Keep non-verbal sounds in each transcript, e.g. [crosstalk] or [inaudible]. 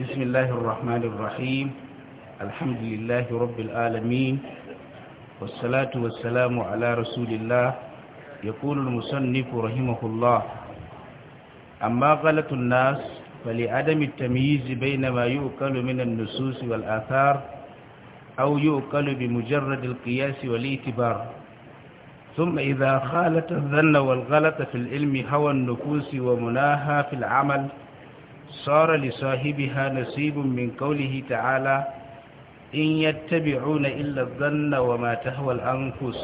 بسم الله الرحمن الرحيم الحمد لله رب العالمين والصلاة والسلام على رسول الله يقول المصنف رحمه الله أما غلط الناس فلعدم التمييز بين ما يؤكل من النصوص والآثار أو يؤكل بمجرد القياس والاعتبار ثم إذا خالت الذن والغلط في العلم هوى النفوس ومناها في العمل صار لصاحبها نصيب من قوله تعالى إن يتبعون إلا الظن وما تهوى الأنفس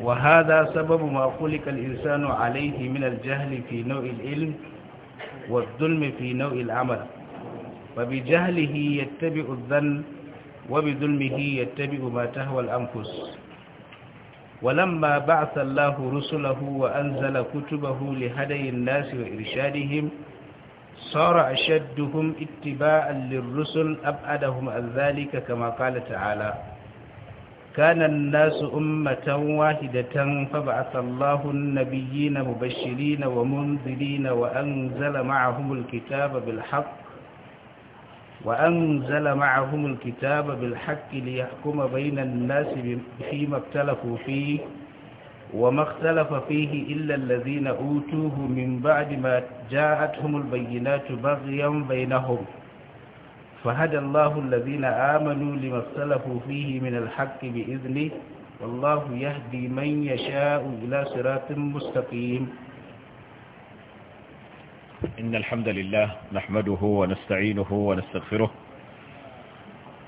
وهذا سبب ما خلق الإنسان عليه من الجهل في نوع العلم والظلم في نوع العمل فبجهله يتبع الظن وبظلمه يتبع ما تهوى الأنفس ولما بعث الله رسله وأنزل كتبه لهدي الناس وإرشادهم صار أشدهم اتباعا للرسل أبعدهم عن ذلك كما قال تعالى كان الناس أمة واحدة فبعث الله النبيين مبشرين ومنذرين وأنزل معهم الكتاب بالحق وأنزل معهم الكتاب بالحق ليحكم بين الناس فيما اختلفوا فيه وما اختلف فيه إلا الذين أوتوه من بعد ما جاءتهم البينات بغيا بينهم فهدى الله الذين آمنوا لما اختلفوا فيه من الحق بإذنه والله يهدي من يشاء إلى صراط مستقيم إن الحمد لله نحمده ونستعينه ونستغفره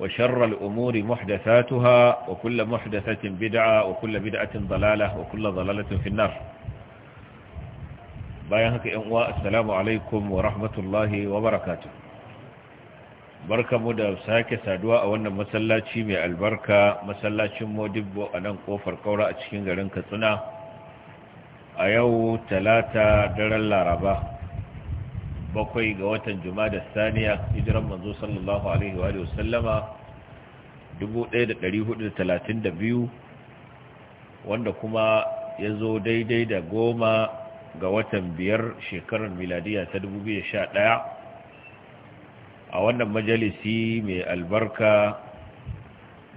وشر الأمور محدثاتها وكل محدثة بدعة وكل بدعة ضلالة وكل ضلالة في النار بايهك إنواء السلام عليكم ورحمة الله وبركاته بركة مدى ساكة سادواء وانا مسلا شمي البركة مسلا شمو دب وانا قوفر قورا اتشكين غرنك صنا أيو تلاتة درالة رباه bakwai ga watan da saniya hijiran manzo sallallahu alaihi wa sallama 1432 wanda kuma ya zo daidai da goma ga watan biyar shekarar miladiya ta 2011 a wannan majalisi mai albarka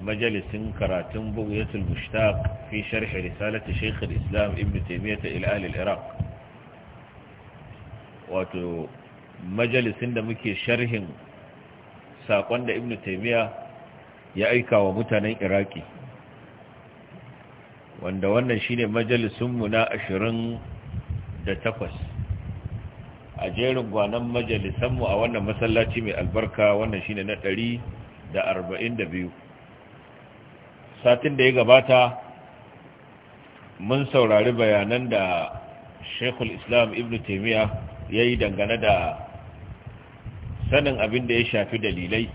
majalisin karatun bugiyatul mushtaq fi sharhi risalati shaykh al-islam ibn taymiyyah ila al-iraq wato majalisin da muke sharhin saƙon da ibn taimiyya ya aika wa mutanen iraki wanda wannan shine majalisunmu na ashirin da takwas a jerin gwanon majalisanmu a wannan masallaci mai albarka wannan shine na ɗari da arba'in da biyu satin da ya gabata mun saurari bayanan da shekul islam ibn taimiyya ya yi dangane da sanin abin da ya shafi dalilai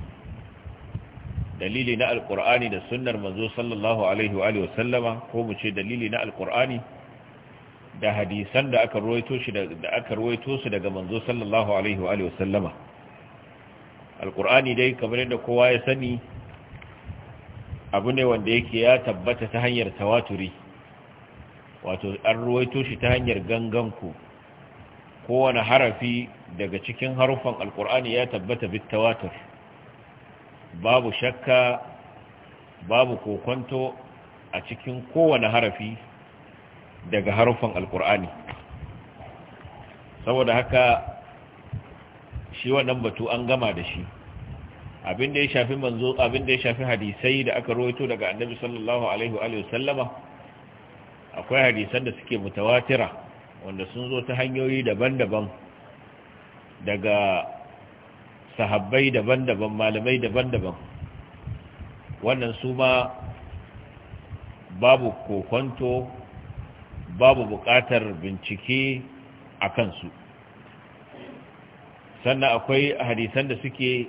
dalili na alkur'ani da sunnar manzo sallallahu alaihi wa sallama ko mu ce dalili na alkur'ani da hadisan da aka ruwaito shi da aka ruwaito su daga manzo sallallahu alaihi wa sallama alkur'ani dai kamar yadda kowa ya sani abu ne wanda yake ya tabbata ta hanyar tawaturi wato an ruwaito shi ta hanyar gangan ku kowane harafi daga cikin harufan alkur'ani ya tabbata bitawatur babu shakka babu kokonto a cikin kowane harafi daga harufan alkur'ani saboda haka shi wannan batu an gama da shi abin da ya shafi manzo abin da ya shafi hadisai da aka rawaito daga annabi sallallahu alaihi wa sallama akwai hadisan da suke mutawatira wanda sun zo ta hanyoyi daban-daban daga sahabbai daban-daban malamai daban-daban wannan su ma babu kokonto babu buƙatar bincike a kansu sannan akwai hadisan da suke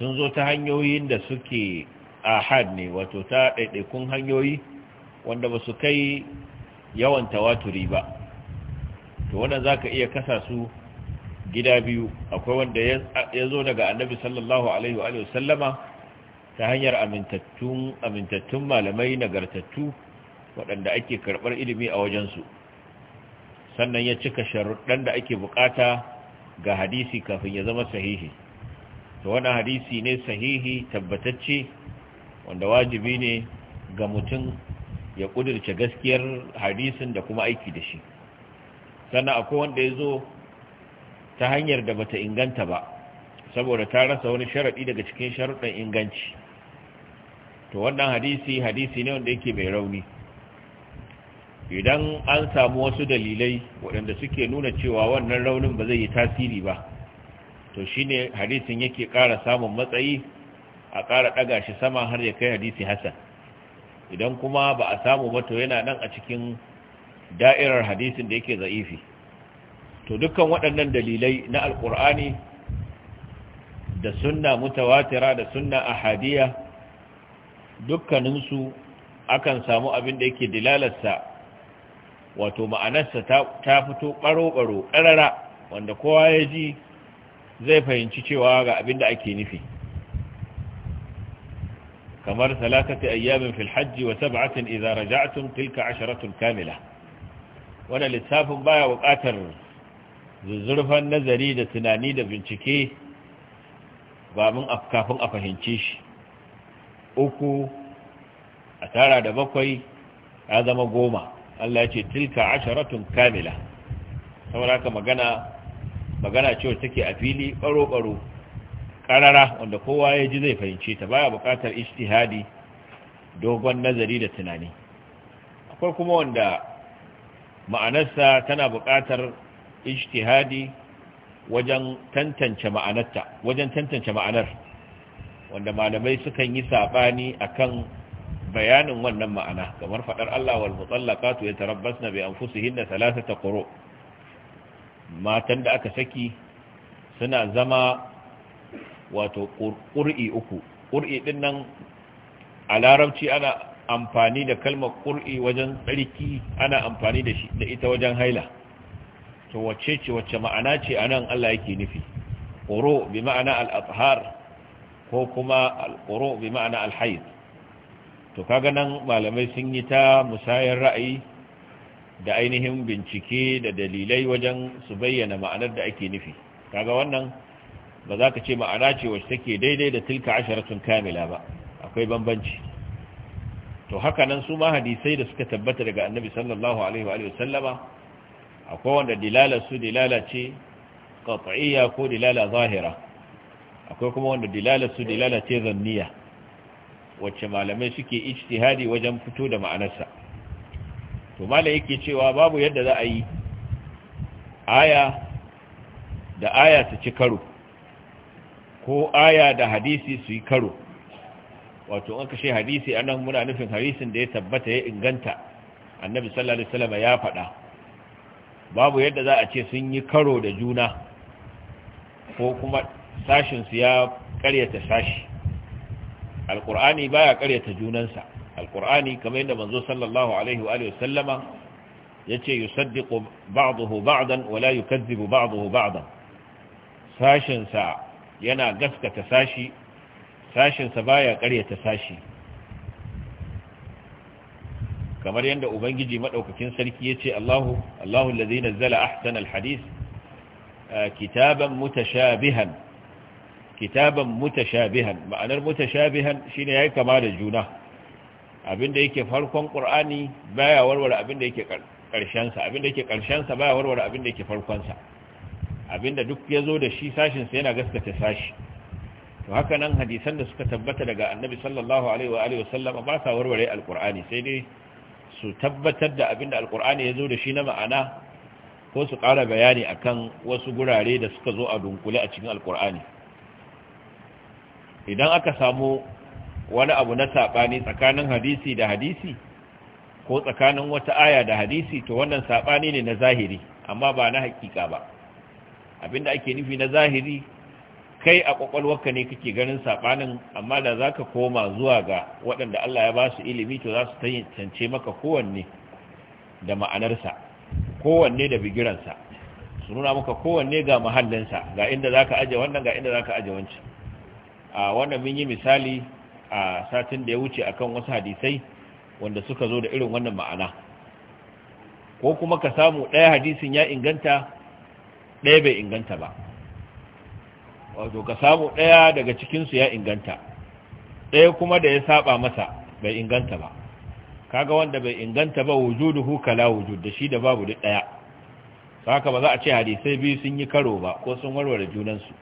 sun zo ta hanyoyin da suke ahad ne wato ta ɗaiɗaikun hanyoyi wanda ba su kai yawan tawaturi ba to wannan zaka iya kasa su gida biyu akwai wanda ya zo daga annabi sallallahu alaihi wa sallama ta hanyar amintattun amintattun malamai nagartattu waɗanda ake karɓar ilimi a wajensu sannan ya cika sharuɗan da ake bukata ga hadisi kafin ya zama sahihi to wannan hadisi ne sahihi tabbatacce wanda wajibi ne ga mutum ya kudirce gaskiyar hadisin da kuma aiki da shi sannan akwai wanda ya zo ta hanyar da bata inganta ba saboda ta rasa wani sharaɗi daga cikin sharuɗin inganci to wannan hadisi hadisi ne wanda yake mai rauni idan an samu wasu dalilai waɗanda suke nuna cewa wannan raunin ba zai yi tasiri ba to shine hadisin yake ƙara samun matsayi a ƙara ɗaga shi sama har ya kai hadisi hasan idan kuma ba a samu ba to yana nan a cikin da'irar hadisin da yake za'ifi to dukkan waɗannan dalilai na Alƙur'ani da sunna mutawatira da sunna ahadiya dukkaninsu akan samu abin da yake dilalarsa wato ma'anarsa ta fito ɓaro-ɓaro ƙarara wanda kowa ya ji zai fahimci cewa ga abin da ake nufi kamar salatati ayyamin filhajji, wa sab'atin idza raja'tum tilka asharatun kamila wannan lissafin baya bukatar zuzzurfan nazari da tunani da bincike ba mun kafin a fahimce shi uku a tara da bakwai ya zama goma Allah ya ce tilka asharatun kamila saboda haka magana magana cewa take a fili baro-baro karara wanda kowa ya ji zai fahimce ta baya bukatar ishtihadi dogon nazari da tunani akwai kuma wanda ma'anarsa tana bukatar ijtihadi wajen tantance ma'anarta wajen tantance ma'anar wanda malamai sukan yi sabani akan bayanin wannan ma'ana kamar fadar Allah wal mutallaqatu yatarabbasna bi anfusihinna thalathata quru matan da aka saki suna zama wato ƙur'i uku ƙur'i ɗin nan a larabci ana amfani da kalmar ƙur'i wajen tsarki ana amfani da shi da ita wajen haila to wacce ce wacce ma'ana ce a nan Allah yake nufi ƙuro bi ma'ana al'adhar ko kuma ƙuro bi ma'ana alhaid to kaga nan malamai sun yi ta musayar ra'ayi da ainihin bincike da dalilai wajen su bayyana ma'anar da ake nufi kaga wannan ba za ka ce ma'ana ce wacce take daidai da tilka asharatun kamila ba akwai bambanci to haka nan su ma hadisai da suka tabbata daga annabi sallallahu alaihi wa sallama akwai wanda dilala su dilala ce qat'iyya ko dilala zahira akwai kuma wanda dilala su dilala ce zanniya wacce malamai suke ijtihadi wajen fito da ma'anarsa to malai yake cewa babu yadda za a yi aya da aya ta ci karo ko aya da hadisi su yi karo wato an kashe hadisi A nan muna nufin hadisin da ya tabbata ya inganta annabi sallallahu alaihi wasallam ya faɗa babu yadda za a ce sun yi karo da juna ko kuma sashinsu ya ƙaryata sashi alqur'ani baya ƙaryata junansa alqur'ani kamar yadda manzo sallallahu alaihi wa alihi wasallama yace yusaddiqu ba'dahu ba'dan wala la yukaththibu ba'dahu ba'dan sashin sa yana gaskata sashi sashinsa ba ya karyata sashi kamar yadda ubangiji madaukakin sarki ya ce Allahu Allahu allazi nazzala ahsanal hadith kitaban mutashabihan kitaban mutashabihan ma'anar mutashabihan shine yayi kama da juna abinda yake farkon qur'ani baya warware abinda yake karshen sa abinda yake karshen sa baya warware abinda yake farkon sa abinda duk ya zo da shi sashinsa yana gaskata sashi to haka nan hadisan da suka tabbata daga annabi sallallahu alaihi wa alihi wasallam ba sa warware alqur'ani sai dai su tabbatar da abinda alqur'ani ya zo da shi na ma'ana ko su ƙara bayani akan wasu gurare da suka zo a dunkule a cikin alqur'ani idan aka samu wani abu na saɓani tsakanin hadisi da hadisi ko tsakanin wata aya da hadisi to wannan saɓani ne na zahiri amma ba na hakika ba abinda ake nufi na zahiri kai a kwakwalwarka ne kake ganin sabanin amma da zaka koma zuwa ga waɗanda Allah ya ba su ilimi to za su tantance maka kowanne da ma'anarsa kowanne da bigiransa su nuna maka kowanne ga mahallinsa ga inda zaka aje wannan ga inda zaka aje wancan a wannan mun yi misali a satin da ya wuce akan wasu hadisai wanda suka zo da irin wannan ma'ana ko kuma ka samu ɗaya hadisin ya inganta ɗaya bai inganta ba wato ka samu ɗaya daga cikinsu ya inganta ɗaya kuma da ya saba masa bai inganta ba kaga wanda bai inganta ba wujudu kala wujud da shi da babu duk ɗaya saka ba za a ce hadisai biyu sun yi karo ba ko sun warware junansu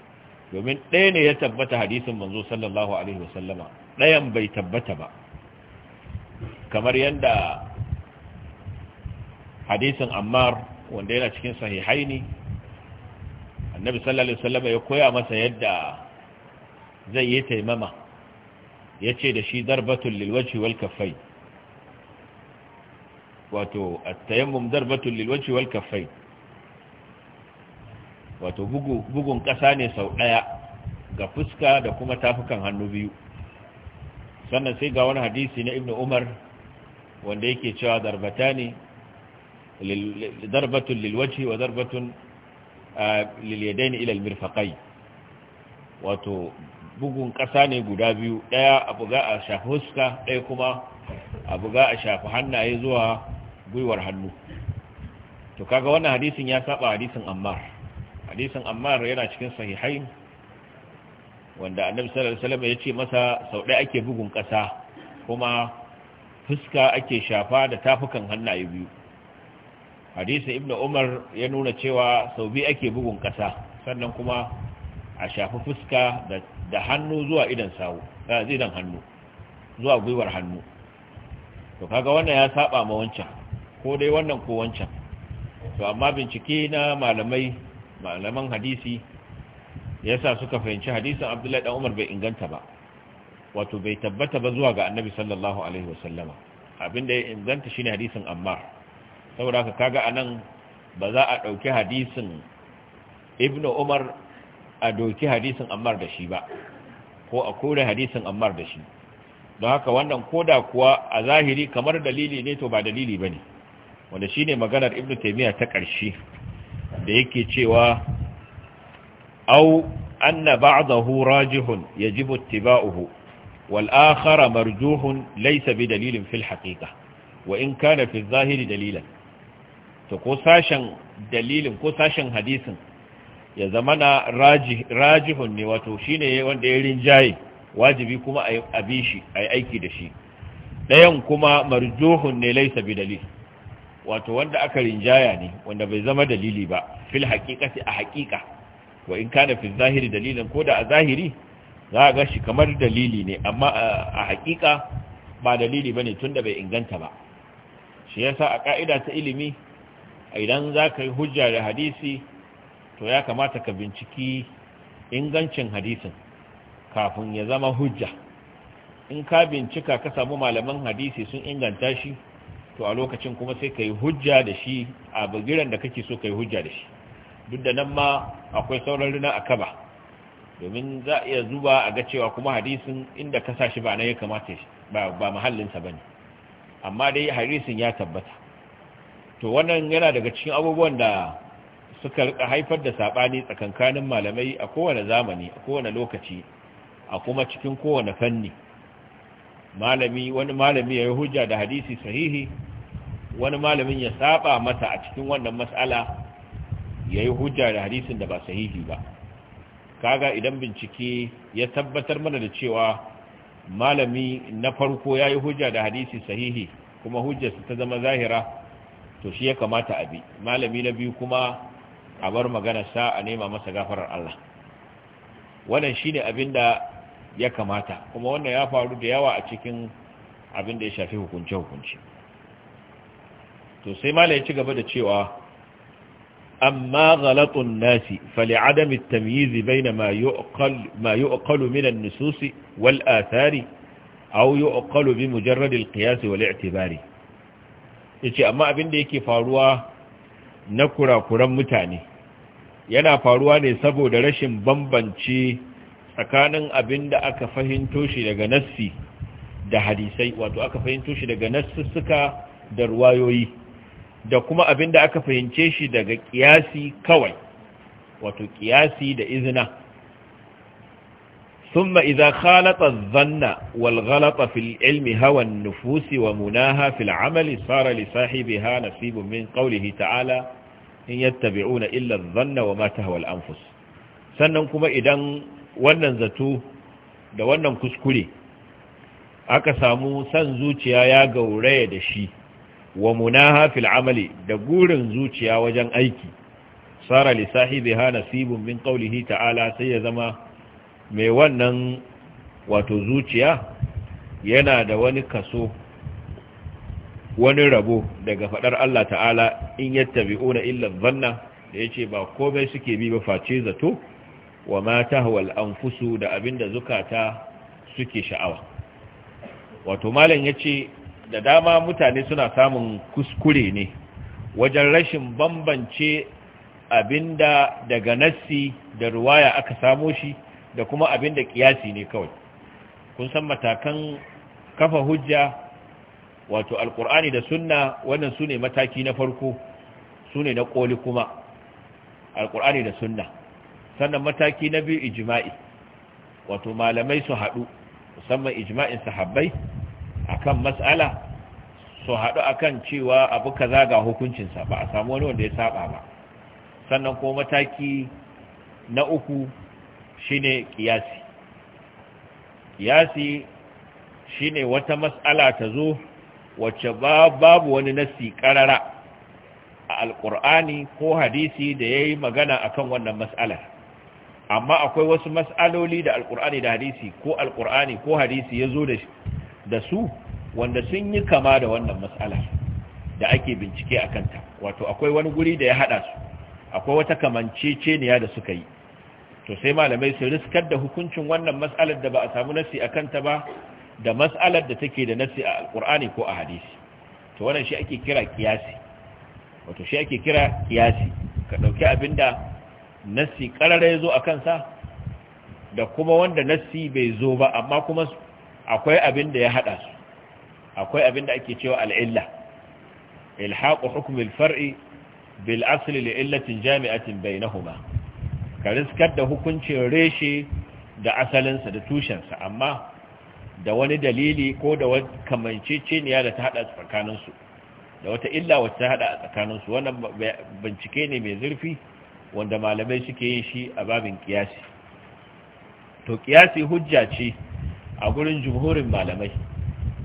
domin ɗaya ne ya tabbata hadisin manzo sallallahu alaihi wasallama ɗayan bai tabbata ba kamar yadda hadisin ammar wanda yana cikin sahihaini annabi sallallahu alaihi wasallam ya koya masa yadda zai yi taimama yace da shi darbatul lilwaji wal kaffai wato at-tayammum darbatul lilwaji wal kaffai wato "Bugu, bugun kasa ne sau daya ga fuska da kuma tafukan hannu biyu sannan sai ga wani hadisi na ibnu umar wanda yake cewa darbatani darbatul lilwaji wa darbatun liliyadaini ilal mirfaqai wato bugun ƙasa ne guda biyu ɗaya abu ga a shafi huska ɗaya kuma abu ga a shafi hannaye zuwa gwiwar hannu to kaga wannan hadisin ya saba hadisin ammar hadisin ammar yana cikin sahihain wanda annabi sallallahu alaihi wasallam ya ce masa sau ɗaya ake bugun ƙasa kuma fuska ake shafa da tafukan hannaye biyu hadisi ibn umar ya nuna cewa sau biyu ake bugun kasa sannan kuma a shafi fuska da hannu zuwa idan sawu zidan eh, hannu zuwa gwiwar hannu to kaga wannan ya saba ma wancan ko dai wannan ko wancan to amma bincike na malamai malaman hadisi ya sa suka fahimci hadisin abdullahi dan umar bai inganta ba wato bai tabbata ba zuwa ga annabi sallallahu alaihi wasallama abinda ya inganta shine hadisin ammar saboda haka kaga anan ba za a ɗauki hadisin ibnu umar a doki hadisin ammar da shi ba ko a kore hadisin ammar da shi don haka wannan koda kuwa a zahiri kamar dalili ne to ba dalili ne. wanda shine maganar ibnu Taimiyya ta ƙarshe da yake cewa au anna ba'dahu rajihun yajibu ba wal akhar marjuhun laysa bi dalilin fil haƙiƙa. wa in kana fi zahiri dalilan to ko sashen dalilin ko sashen hadisin ya zama na rajihun ne wato shine wanda ya rinjaye wajibi kuma a bi shi a yi aiki da shi ɗayan kuma marjuhun ne laisa bi dalil wato wanda aka rinjaya ne wanda bai zama dalili ba fil haƙiƙati a haƙiƙa wa in kana fi zahiri dalilin ko da a zahiri za a ga kamar dalili ne amma a haƙiƙa ba dalili ba ne tun da bai inganta ba shi yasa a ƙa'ida ta ilimi idan za ka yi hujja da hadisi to ya kamata ka binciki ingancin hadisin kafin ya zama hujja in ka bincika ka samu malaman hadisi sun inganta shi to a lokacin kuma sai ka yi hujja da shi a bagiran da kake so ka yi hujja da shi duk da nan ma akwai sauran rina a kaba domin za a iya zuba a ga cewa kuma hadisin inda ka sa shi ba na ya kamata ba mahallinsa ba ne amma dai hadisin ya tabbata to wannan yana daga cikin abubuwan da suka rika haifar da sabani tsakankanin malamai a kowane zamani a kowane lokaci a kuma cikin kowane fanni malami wani malami ya yi hujja da hadisi sahihi wani malamin ya saba mata a cikin wannan mas'ala ya yi hujja da hadisin da ba sahihi ba kaga idan bincike ya tabbatar mana da cewa malami na farko ya yi hujja da hadisi sahihi kuma hujjarsa ta zama zahira to shi ya kamata a bi malami na biyu kuma a bar magana sa a nema masa gafarar Allah wannan shine abin da ya kamata kuma wannan ya faru da yawa a cikin abin da ya shafi hukunce hukunci to sai malai ci gaba da cewa amma ghalatun nasi fali'adam tamyizi tamyiz bayna ma yuqal ma yuqal min an-nusus wal athari aw yuqal bi mujarrad al-qiyas wal i'tibari yace amma abin da yake faruwa na kurakuran mutane yana faruwa ne saboda rashin bambance tsakanin abin da aka fahimto shi daga nassi da hadisai wato aka fahimto shi daga nassussuka da ruwayoyi da kuma abin da aka fahimce shi daga kiyasi kawai wato kiyasi da izina ثم إذا خالط الظن والغلط في العلم هوى النفوس ومناها في العمل صار لصاحبها نصيب من قوله تعالى إن يتبعون إلا الظن وما تهوى الأنفس سننكم إذن wannan zato da wannan kuskure aka samu san zuciya ya gauraye da shi wa munaha da gurin zuciya wajen aiki sara li min sai ya zama mai wannan wato zuciya yana da wani kaso wani rabo daga fadar Allah ta'ala in yattabi'una illa zanna? da yace ba komai suke bi ba face zato wa ma tahwal anfusu da abinda zukata suke sha'awa wato malam yace da dama mutane suna samun kuskure ne wajen rashin bambance abinda daga nassi da ruwaya aka samo shi da kuma abin da kiyasi ne kawai kun san matakan kafa hujja wato alkur'ani da sunna wannan su ne mataki na farko su ne na koli kuma alkur'ani da sunna sannan mataki na biyu ijma'i wato malamai su haɗu musamman ijma'in sahabbai akan mas'ala su haɗu akan cewa abu kaza ga hukuncinsa ba a samu wani wanda ya saba ba sannan ko mataki na uku shine kiyasi kiyasi shine wata mas'ala ta zo wacce babu wani nasi karara a alkur'ani ko hadisi da ya yi magana akan wannan mas'alar amma akwai wasu mas'aloli da alkur'ani da hadisi ko alkur'ani ko hadisi ya zo da su wanda sun yi kama da wannan mas'alar da ake bincike a kanta wato akwai wani guri da ya haɗa su akwai wata kamanceceniya da suka yi to sai malamai su riskar da hukuncin wannan mas'alar da ba a samu nasi a kanta ba da mas'alar da take da nasi a alkur'ani ko a hadisi to wannan shi ake kira kiyasi wato shi ake kira kiyasi ka ɗauki abin da nasi ƙarara ya zo a kansa da kuma wanda nasi bai zo ba amma kuma akwai abin da ya haɗa su akwai abin da ake cewa al'illa ilhaƙu hukumin far'i bil asali li illatin jami'atin bainahuma ka riskar da hukuncin reshe da asalinsa da tushensa amma da wani dalili ko da wani kamanceceniya da ta hada tsakaninsu da wata illa wacce ta hada a tsakaninsu wannan bincike ne mai zurfi wanda malamai suke yin shi a babin kiyasi to kiyasi hujja ce a gurin jumhurin malamai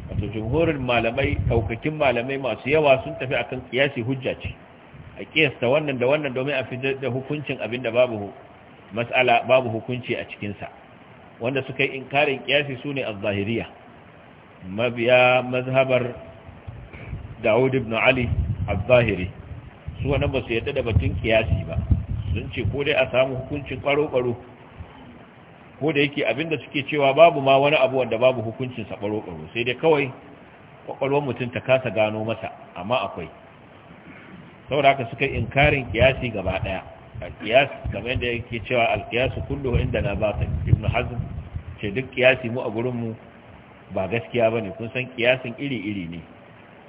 wato jumhurin malamai daukakin malamai masu yawa sun tafi akan kiyasi hujja ce a kiyasta wannan da wannan domin a fitar da hukuncin abinda babu mas'ala babu hukunci a cikinsa wanda suka yi inkarin kiyasi su ne al-zahiriya mabiya mazhabar da'ud ibn ali al-zahiri su wani ba su yadda da batun kiyasi ba sun ce ko dai a samu hukuncin baro-baro ko da yake abinda suke cewa babu ma wani abu wanda babu hukuncin sa baro sai dai kawai kwakwalwar mutum ta kasa gano masa amma akwai saboda haka suka inkarin kiyasi gaba daya al kamar yadda yake cewa al-qiyas kullu inda na batil ibn hazm ce duk kiyasi mu a gurin mu ba gaskiya bane kun san kiyasin iri-iri ne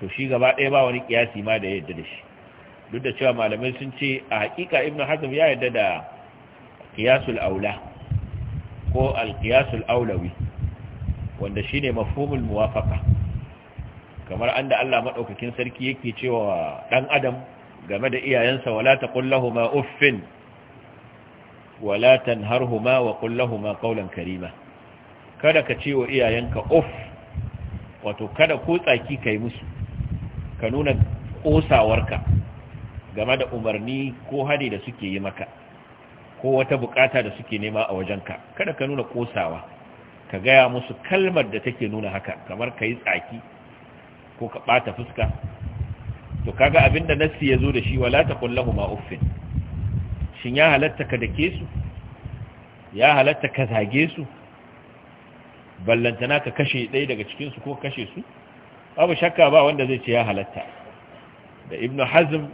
to shi gaba daya ba wani kiyasi ma da yadda da shi duk da cewa malamai sun ce a haƙiƙa ibn hazm ya yadda da qiyasul aula ko al-qiyasul aulawi wanda shine mafhumul muwafaqa kamar anda Allah madaukakin sarki yake cewa dan adam game da iyayensa wala ta taqul ma uffin wala tanharhuma wa qul ma qawlan karima kada ka ce wa iyayenka uff wato kada ko tsaki kai musu ka nuna ƙosawarka game da umarni ko hade da suke yi maka ko wata bukata da suke nema a wajenka kada ka nuna ƙosawa ka gaya musu kalmar da take nuna haka kamar ka yi tsaki ko ka ɓata fuska to kaga abinda nassi yazo da shi wala taqul ma uffin shin ya halatta ka dake su ya halatta ka zage su ballantana ka kashe ɗaya daga cikin su ko kashe su babu shakka ba wanda zai ce ya halatta da ibnu hazm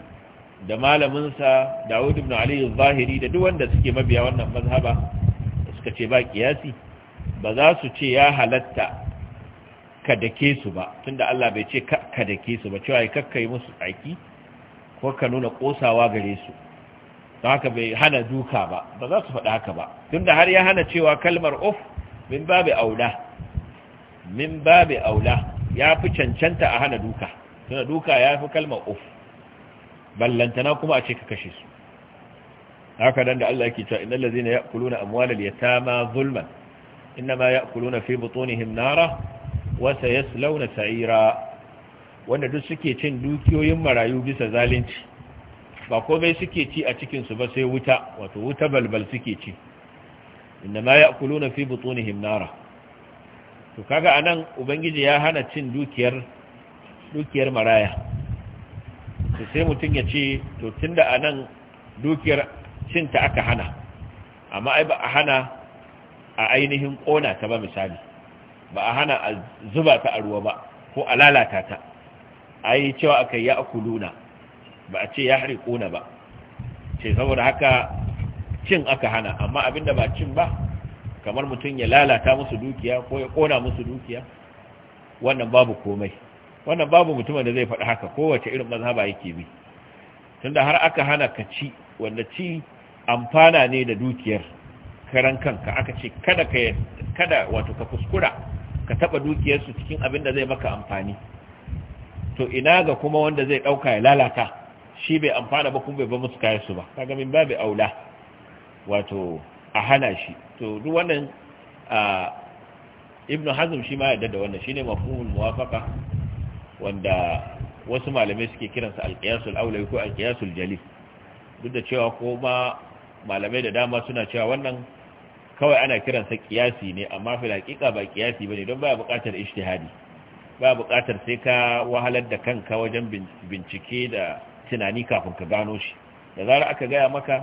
da malaminsa Dawud ibn Ali zahiri da duk wanda suke mabiya wannan mazhaba suka ce ba kiyasi ba za su ce ya halatta ka dake su ba tunda Allah bai ce ka dake su ba cewa kakka yi musu tsaki ko ka nuna kosawa gare su don haka bai hana duka ba ba za su faɗa haka ba tunda har ya hana cewa kalmar of min babu aula min babu aula ya fi cancanta a hana duka tunda duka ya fi kalmar of ballantana kuma a ce ka kashe su haka dan da Allah yake cewa innal ladzina ya'kuluna amwalal yatama zulman inma ya'kuluna fi butunihim nara wasa launa sa'ira wanda duk suke cin dukiyoyin marayu bisa zalunci ba komai suke ci a cikinsu ba sai wuta wato wuta balbal suke ci inda ma ya na fi butunihim himnara to kaga anan ubangiji ya hana cin dukiyar dukiyar maraya to sai mutum ya ce to tunda anan dukiyar cinta aka hana amma ai ba a hana a ainihin kona ta ba misali ba a hana a zuba ta a ruwa ba ko a lalata ta A yi cewa akai ya akuluna ba a ce ya hari kuna ba ce saboda haka cin aka hana amma abinda ba cin ba kamar mutum ya lalata musu dukiya ko ya kona musu dukiya wannan babu komai wannan babu mutumin da zai faɗi haka kowace irin mazhaba yake bi tunda har aka hana ka ci wanda ci amfana ne da dukiyar karan kanka aka ce kada ka kada wato ka kuskura ka taɓa dukiyarsu cikin abin da zai maka amfani to ina ga kuma wanda zai ɗauka ya lalata shi bai amfana ba kuma bai ba musu su ba kaga min babu aula wato a hana shi to duk wannan ibnu hazm shi ma ya da wannan shine mafhumul muwafaqa wanda wasu malamai suke kiran kiransa alqiyasul aula ko alqiyasul jali duk da cewa ko ma malamai da dama suna cewa wannan kawai ana kiransa kiyasi ne amma fi hakika ba kiyasi bane don baya buƙatar ijtihadi ba buƙatar sai ka wahalar da kanka wajen bincike da tunani kafin ka gano shi da zara aka gaya maka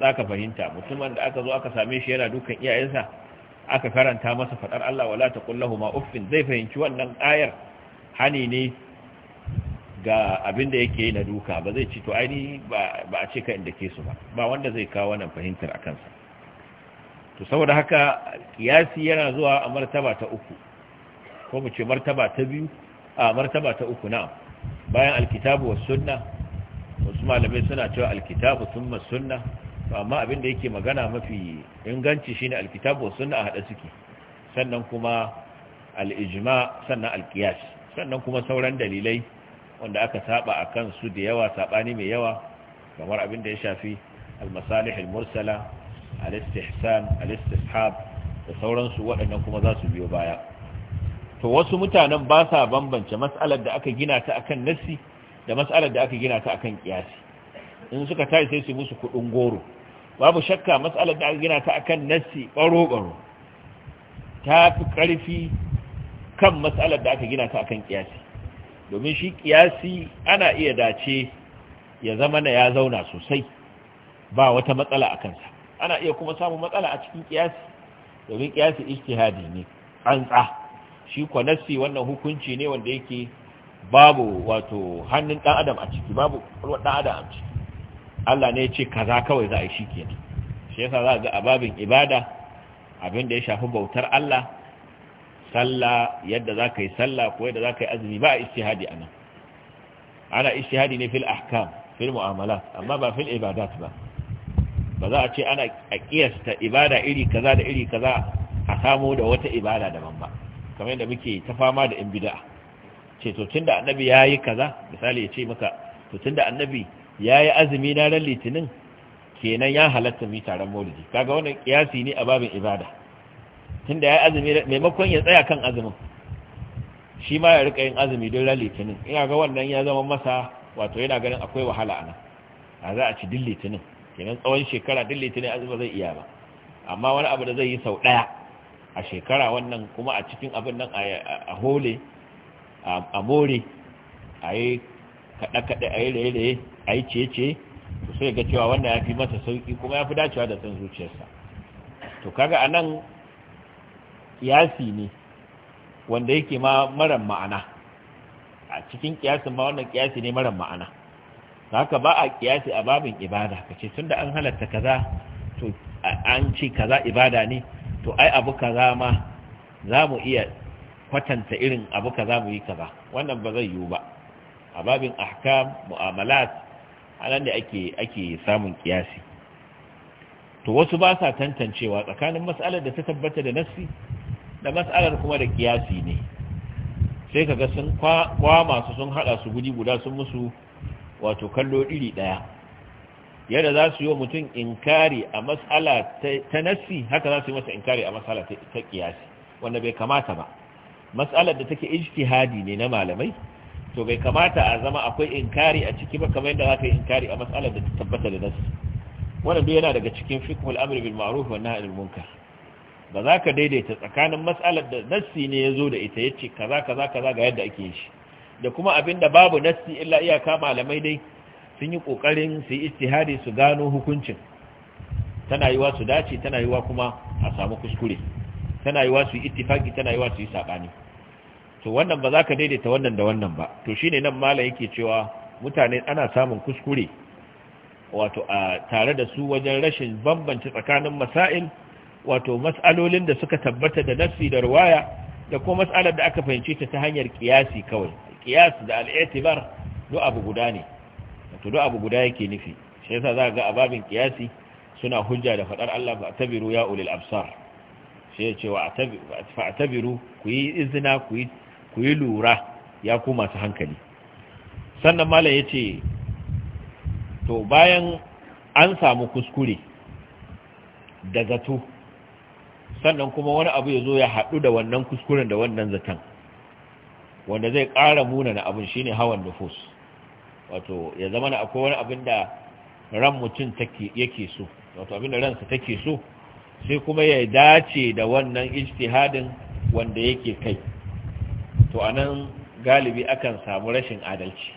za ka fahimta mutumin da aka zo aka same shi yana dukan iyayensa aka karanta masa faɗar Allah wala ta kullahu ma uffin zai fahimci wannan ayar hani ne ga abin da yake yi na duka ba zai ci to ainihi ba a ce ka inda ke su ba ba wanda zai kawo wannan fahimtar a to saboda haka kiyasi yana zuwa a martaba ta uku ko mu ce martaba ta biyu a martaba ta uku na bayan alkitabu wa sunna wasu malamai suna cewa alkitabu thumma sunna to amma abin da yake magana mafi inganci shine alkitabu wa sunna a hada suke sannan kuma al-ijma sannan al-qiyas sannan kuma sauran dalilai wanda aka saba akan su da yawa sabani mai yawa kamar abin da ya shafi al-masalih al-mursala al-istihsan al istihab da sauransu waɗannan kuma za su biyo baya to wasu mutanen ba sa bambance mas'alar da aka gina ta akan nassi da mas'alar da aka gina ta akan kiyasi in suka tayi sai su musu kudin goro babu shakka mas'alar da aka gina ta akan nassi baro baro ta fi karfi kan mas'alar da aka gina ta akan kiyasi domin shi kiyasi ana iya dace ya zama na ya zauna sosai ba wata matsala a kansa ana iya kuma samun matsala a cikin kiyasi domin kiyasi ijtihadi ne tsantsa shi ko wannan hukunci ne wanda yake babu wato hannun dan adam a ciki babu ruwan dan adam a ciki Allah ne ya ce kaza kawai za a yi shikenan shi yasa za ga ababin ibada abin da ya shafi bautar Allah sallah yadda za ka yi sallah ko yadda za ka yi azumi ba a ijtihadi anan ana ijtihadi ne fil ahkam fil mu'amalat amma ba fil ibadat ba ba za a ce ana a kiyasta ibada iri kaza da iri kaza a samu da wata ibada daban ba kamar yadda muke ta fama da in bid'a ce to tunda annabi ya yi kaza misali ya ce maka to tunda annabi ya yi azumi na ran litinin kenan ya halatta mu taron maulidi kaga wannan kiyasi ne a babin ibada tunda yi azumi maimakon ya tsaya kan azumin shi ma ya rika yin azumi don ran litinin ina ga wannan ya zama masa wato yana ganin akwai wahala a nan a za a ci din litinin kenan tsawon shekara duk litinin azumi zai iya ba amma wani abu da zai yi sau ɗaya a shekara wannan kuma a cikin abin nan a hole a more a yi kaɗe-kaɗe a yi raye a yi ciye to sai ga cewa wannan ya fi masa sauƙi kuma ya fi dacewa da san zuciyarsa to kaga a nan ne wanda yake ma maran ma'ana a cikin kiyasin ma wannan kiyasi ne maran ma'ana haka ba a kiyasi a babin ibada kace tunda an halatta kaza to an ci kaza ibada ne to ai abu kaza ma za mu iya kwatanta irin abu kaza mu yi kaza wannan ba zai yiwu ba a babin ahkam mu'amalat anan da ake ake samun kiyasi to wasu ba sa tantancewa tsakanin mas'alar da ta tabbata da nassi da mas'alar kuma da kiyasi ne sai kaga sun kwa masu sun hada su guri guda sun musu wato kallo iri ɗaya yadda za su yi wa mutum inkari a matsala ta nassi haka za su yi masa inkari a matsala ta kiyasi wanda bai kamata ba matsalar da take hadi ne na malamai to bai kamata a zama akwai inkari a ciki ba kamar yadda za ka yi inkari a matsalar da ta tabbata da nassi wannan duk yana daga cikin fiqhul amri bil ma'ruf wan nahyi anil ba za ka daidaita tsakanin matsalar da nassi ne ya zo da ita yace kaza kaza kaza ga yadda ake yi shi da kuma abinda babu nassi illa iyaka malamai dai sun yi kokarin su yi istihadi su gano hukuncin tana yiwa su dace tana yiwa kuma a samu kuskure tana yiwa su yi ittifaki tana yiwa su yi sabani to wannan ba za ka daidaita wannan da wannan ba to shine nan malam yake cewa mutane ana samun kuskure wato a tare da su wajen rashin bambanci tsakanin masail wato mas'alolin da suka tabbata da nassi da riwaya da kuma matsalar da aka fahimci ta ta hanyar kiyasi kawai kiyasi da al'atibar duk abu guda ne wato duk abu guda yake nufi shi yasa za ga ababin kiyasi suna hujja da fadar Allah ba tabiru ya ulil absar shi ya ce wa atabiru ku yi izina ku yi lura ya ku masu hankali sannan malam ya ce to bayan an samu kuskure da zato sannan kuma wani abu ya zo ya haɗu da wannan kuskuren da wannan zaton wanda zai ƙara munana abin shi ne hawan nufus wato ya zama na akwai wani abin da ran mutum yake so wato abin da ransa take so sai kuma ya dace da wannan ijtihadin wanda yake kai to a nan galibi akan samu rashin adalci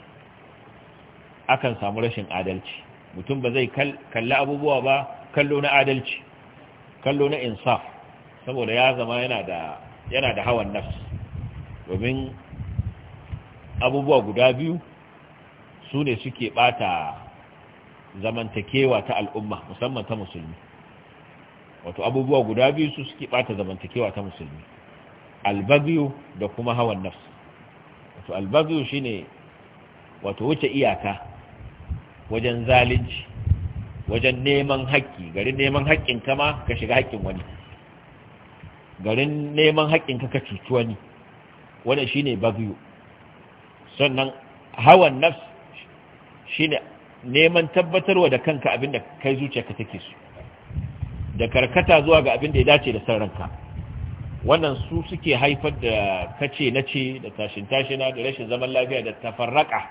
akan samu rashin adalci mutum ba zai kalli abubuwa ba kallo na adalci kallo na insaf saboda ya zama yana da yana da hawan nafs domin abubuwa guda biyu su ne suke bata zamantakewa ta al'umma musamman ta musulmi wato abubuwa guda biyu su suke bata zamantakewa ta musulmi albagiyu da kuma hawan nafs wato albagiyu shine wato wuce iyaka wajen zalunci wajen neman haƙƙi gari neman haƙƙin kama ka shiga haƙƙin wani garin neman haƙƙin ka ne wanda shi ne bagiyo, sannan hawan nafs shine neman tabbatarwa da kanka abinda kai zuciyarka take su, da karkata zuwa ga abin da ya dace da sauranka wannan su suke haifar da kace ce da tashin tashina da rashin zaman lafiya da tafarraka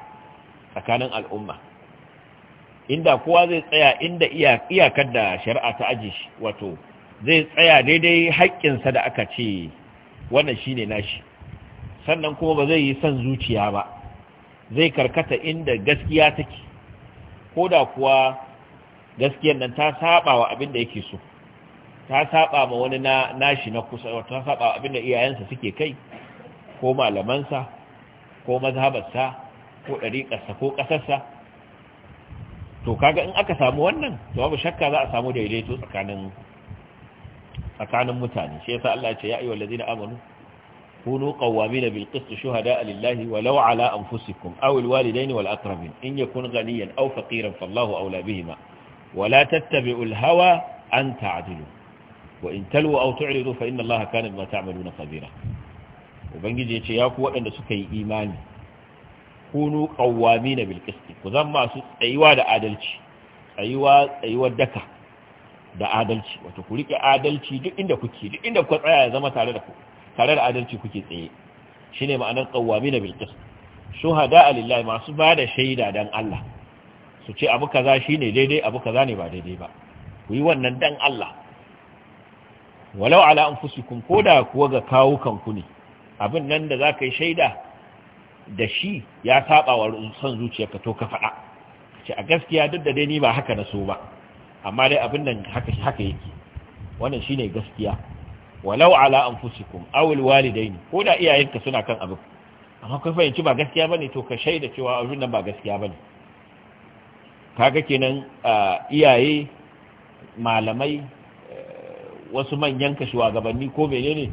tsakanin al'umma inda kowa zai tsaya inda iyakar da shari'a ta aji shi wato zai tsaya daidai haƙƙinsa da aka ce wannan shi ne nashi sannan kuma ba zai yi son zuciya ba zai karkata inda gaskiya take ko da kuwa gaskiyar nan ta saba wa abin da yake so ta saba ma wani na nashi na kusa ta saba wa abin da iyayensa suke kai ko malamansa ko mazhabarsa ko ɗariƙarsa ko ƙasarsa to kaga in aka samu wannan to babu shakka za a samu daidaito tsakanin tsakanin mutane shi yasa Allah ya ce ya ayyuhal ladina amanu kunu qawwamin bil qist a lillahi walau ala anfusikum aw al walidayni wal aqrabin in yakun ghaniyan aw faqiran fallahu awla bihima wala tattabi'u al hawa an ta'dilu wa in talu aw tu'ridu fa inna Allaha kana bima ta'maluna khabira ubangiji ya ce ya ku waɗanda suka yi imani kunu qawwamin bil qist ku zama su tsayuwa da adalci tsayuwa tsayuwar daka da adalci wato ku rike adalci duk inda kuke duk inda kuka tsaya zama tare da ku tare da adalci kuke tsaye shine ma'anar qawwamina bil qist shuhada lillahi masu bada shaida dan Allah su ce abu kaza shine daidai abu kaza ne ba daidai ba ku yi wannan dan Allah walau ala anfusikum koda kuwa ga kawo kanku ne abin nan da zaka yi shaida da shi ya saba wa son zuciyarka to ka faɗa ce a gaskiya duk da dai ni ba haka na so ba amma dai abin nan haka haka yake wannan shine gaskiya walau ala anfusikum aw alwalidain ko da iyayenka suna kan abin amma kai fahimci ba gaskiya bane to ka shaida cewa abin nan ba gaskiya bane kaga kenan iyaye malamai eh, wasu manyan kashuwa shugabanni ko menene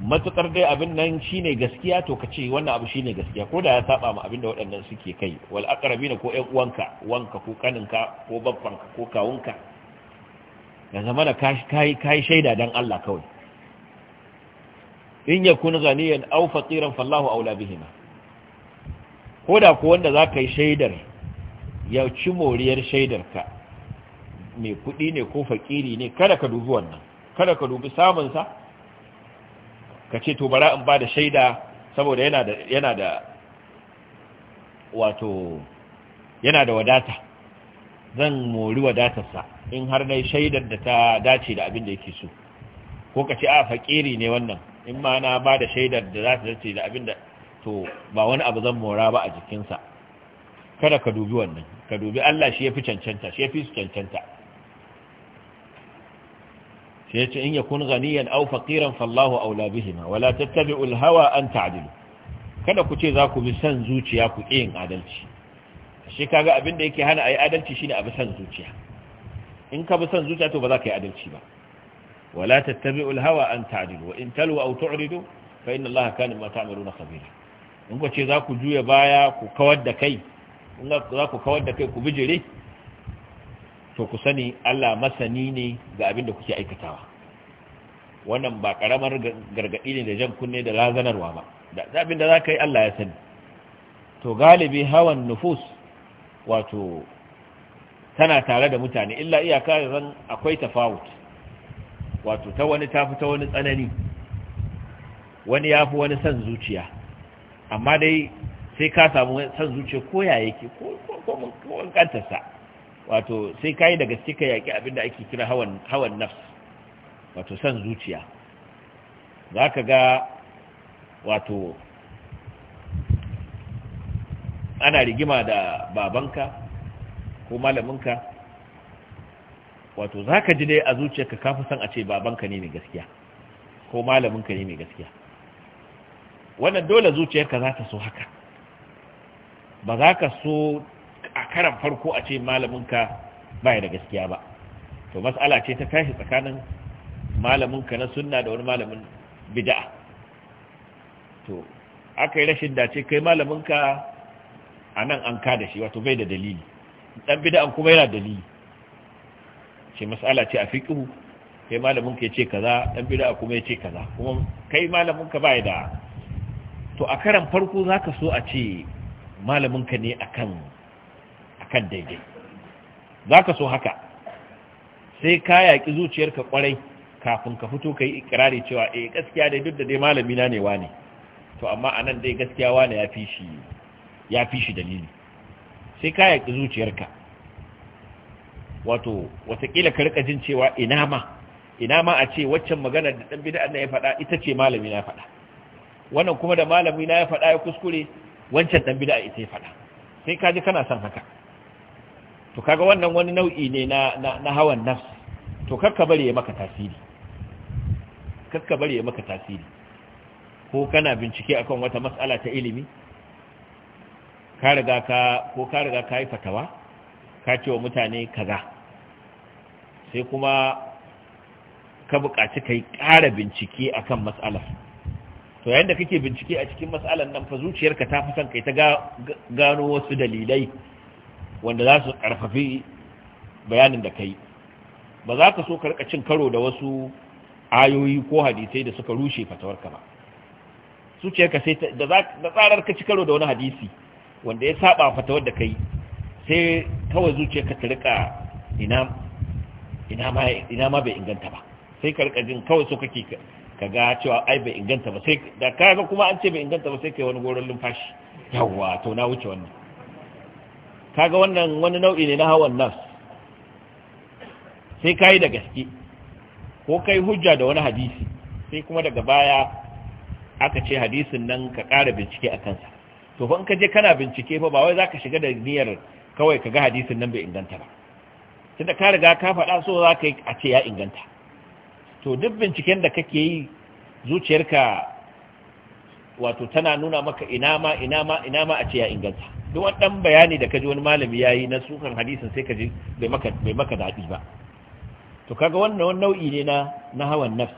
matukar dai abin nan shine gaskiya to ka ce wannan abu shine gaskiya ko da ya saba ma abin da waɗannan suke kai wal aqrabina ko ƴan uwanka wanka ko kaninka ko babbanka ko kawunka ya zama da kai kai shaida dan Allah kawai in yakun ghaniyan aw faqiran fallahu aula bihima ko da ko wanda zaka yi shaidar ya ci moriyar shaidarka mai kuɗi ne ko fakiri ne kada ka dubi wannan kada ka dubi samun sa. ka ce to bara in ba da shaida saboda yana da wato yana da wadata zan mori wadatarsa in har na shaidar da ta dace da abin da yake so ko ka ce a fakiri ne wannan in ma na ba da shaidar da za ta dace da abin da to ba wani abu zan mora ba a jikinsa kada ka dubi wannan ka dubi Allah shi ya fi cancanta shi ya fi su cancanta sai yace in yakun ghaniyan aw faqiran fallahu aula bihima wala tattabi'ul hawa an ta'dilu kada ku ce za ku bi san zuciya ku yin adalci shi kaga abin da yake hana ayi adalci shine abi san zuciya in ka bi san zuciya to ba za ka yi adalci ba wala tattabi'ul hawa an ta'dilu wa in talu aw tu'ridu fa inna allaha kana bima ta'maluna khabira in ku ce za ku juya baya ku kawar da kai in za ku kawar da kai ku bijire to ku sani Allah masani ne ga abin da kuke aikatawa wannan ba karamar gargaɗi ne da jan kunne da razanarwa ba da abin da za ka yi Allah ya sani to galibi hawan nufus wato tana tare da mutane illa iyaka zan akwai tafawut wato ta wani tafi ta wani tsanani wani ya fi wani san zuciya amma dai sai ka samu san zuciya ko ya ko ko kantarsa wato sai kai da gaske ka yaki abinda ake kira hawan hawan nafs wato san zuciya zaka ga wato ana rigima da babanka ko malaminka wato zaka ji dai a zuciyarka kafi san a ce babanka ne mai gaskiya ko malaminka ne mai gaskiya wannan dole zuciyarka za ta so haka ba za ka so karan farko a ce malaminka baya da gaskiya ba to mas'ala ce ta tashi tsakanin malaminka na sunna da wani malamin bid'a to aka yi rashin dace kai malaminka a nan an ka da shi wato bai da dalili dan bid'an kuma yana dalili ce mas'ala ce a fiqhu kai malaminka ya ce kaza dan bid'a kuma ya ce kaza kuma kai malaminka baya da to a karan farko zaka so a ce malaminka ne akan akan daidai za ka so haka sai ka yaƙi zuciyarka ƙwarai, kafin ka fito ka yi ikirari cewa eh gaskiya dai duk da dai malami na ne wane to amma a nan dai gaskiya wane ya fi shi ya fi shi dalili sai ka yaƙi zuciyarka wato watakila ka rika jin cewa ina ma ina ma a ce waccan magana da ɗan bida na ya faɗa ita ce malami na faɗa wannan kuma da malami na ya faɗa ya kuskure wancan ɗan bida'a ita ya faɗa sai ka ji kana son haka to kaga wannan wani nau'i ne na na hawan nafsi to kakka bari ya maka tasiri kakka bari ya maka tasiri ko kana bincike akan wata mas'ala ta ilimi ka riga ka ko ka riga ka yi fatawa ka ce wa mutane kaza sai kuma ka buƙaci kai ƙara bincike akan mas'alar to yayin da kake bincike a cikin mas'alar nan fa zuciyarka ta fi son kai ta gano wasu dalilai wanda za su karfafi bayanin da kai ba za ka so karkacin cin karo da wasu ayoyi ko hadisai da suka rushe fatawarka ba su ce ka sai da tsarar ka ci karo da wani hadisi wanda ya saba fatawar da kai sai kawai zuciya ta tarika ina ma bai inganta ba sai ka jin kawai so kake ka ga cewa ai bai inganta ba sai da kuma an ce bai inganta ba sai kai wani goron lumfashi yawwa to na wuce wannan kaga wannan wani nau'i ne na hawan nas sai kai da gaske ko kai hujja da wani hadisi sai kuma daga baya aka ce hadisin nan ka ƙara bincike a kansa to fa in ka je kana bincike fa ba wai za ka shiga da niyyar kawai ka ga hadisin nan bai inganta ba Sai da ka riga ka faɗa so za ka yi a ce ya inganta to duk binciken da kake yi zuciyarka wato tana nuna maka ina ma ina ma ina ma a ce ya inganta duk wani dan bayani da kaji wani malami yayi na sukan hadisin sai kaji bai maka bai maka dadi ba to kaga wannan wani nau'i ne na na hawan nafs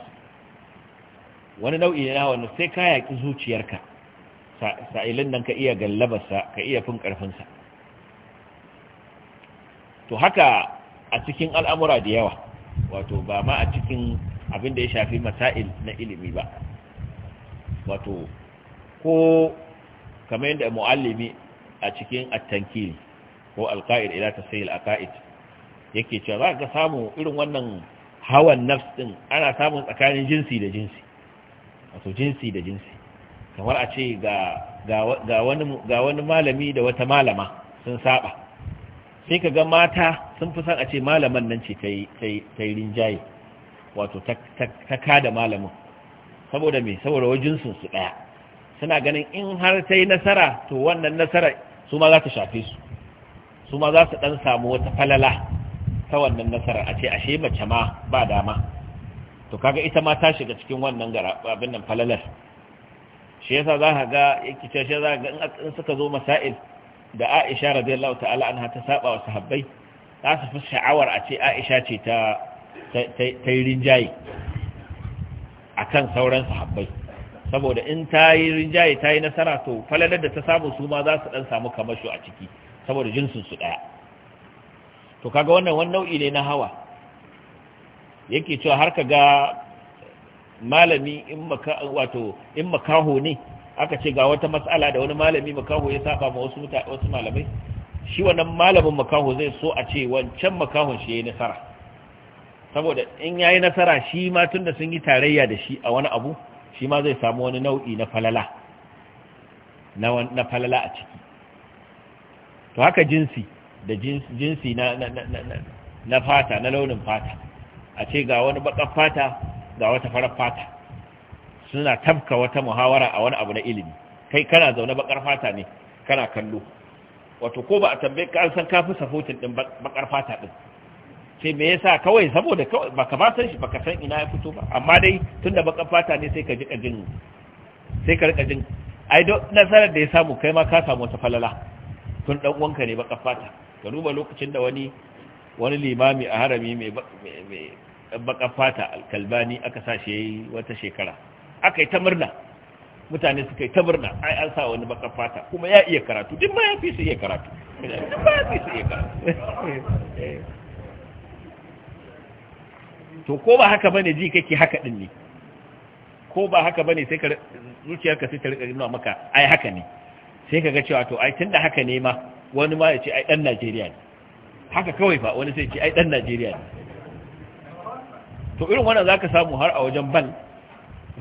wani nau'i ne na hawan sai ka yaki zuciyarka sa'ilin nan ka iya gallabarsa ka iya fin sa to haka a cikin al'amura da yawa wato ba ma a cikin abin da ya shafi masail na ilimi ba wato ko kamar yadda mu'allimi a cikin at ko al-qa'id ila tasayil aqaid yake cewa za ka samu irin wannan hawan nafs din ana samun tsakanin jinsi da jinsi wato jinsi da jinsi kamar a ce ga ga wani ga wani malami da wata malama sun saba sai ka ga mata sun fi san a ce malaman nan ce ta yi rinjaye wato ta kada malamin saboda mai saboda sun su ɗaya suna ganin in har ta yi nasara to wannan nasara su ma za ta shafe su su ma za su dan samu wata falala ta wannan nasarar a ce ashe mace ma ba dama to kaga ita ma ta shiga cikin wannan abin nan falalar shi yasa za ka ga yake ce shi za ka ga in suka zo masail da Aisha radiyallahu ta'ala anha ta saba wa sahabbai za su fi sha'awar a ce Aisha ce ta ta rinjaye akan sauran sahabbai saboda in ta yi rinjaye ta yi nasara to falalar da ta samu su ma za su dan samu shi a ciki saboda jinsin su daya to kaga wannan wani nau'i ne na hawa yake cewa har ka ga malami in maka wato in makaho ne aka ce ga wata matsala da wani malami makaho ya saba ma wasu wasu malamai shi wannan malamin makaho zai so a ce wancan makahon shi yayi nasara saboda in yayi nasara shi ma tunda sun yi tarayya da shi a wani abu shi ma zai samu wani nau'i na falala na falala a ciki to haka jinsi da jinsi na fata na launin fata a ce ga wani bakan fata ga wata farar fata suna tafka wata muhawara a wani abu na ilimi kai kana zaune bakar fata ne kana kallo wato ko ba a tambaye ka an san ka fi safotin din bakar fata din Sai me yasa kawai saboda kawai baka ba san shi baka san ina ya fito ba amma dai tunda baka fata ne sai ka ji kajin sai ka rika jin ai don nasarar da ya samu kai ma ka samu wata falala tun dan uwanka ne baka fata ka duba lokacin da wani wani limami a harami mai baka fata alkalbani aka sa shi wata shekara aka yi ta murna mutane suka yi ta murna ai an sa wani baka fata kuma ya iya karatu duk ma ya fi su iya karatu duk ma ya fi su iya karatu [laughs] [laughs] to ko ba haka bane ji kake haka din ne ko ba haka bane sai ka zuciyarka sai ta rika nuna maka ai haka ne sai ka ga cewa to ai tunda haka ne ma wani ma ya ce ai dan Najeriya ne haka kawai fa wani sai ya ce ai dan Najeriya ne to irin wannan zaka samu har a wajen bal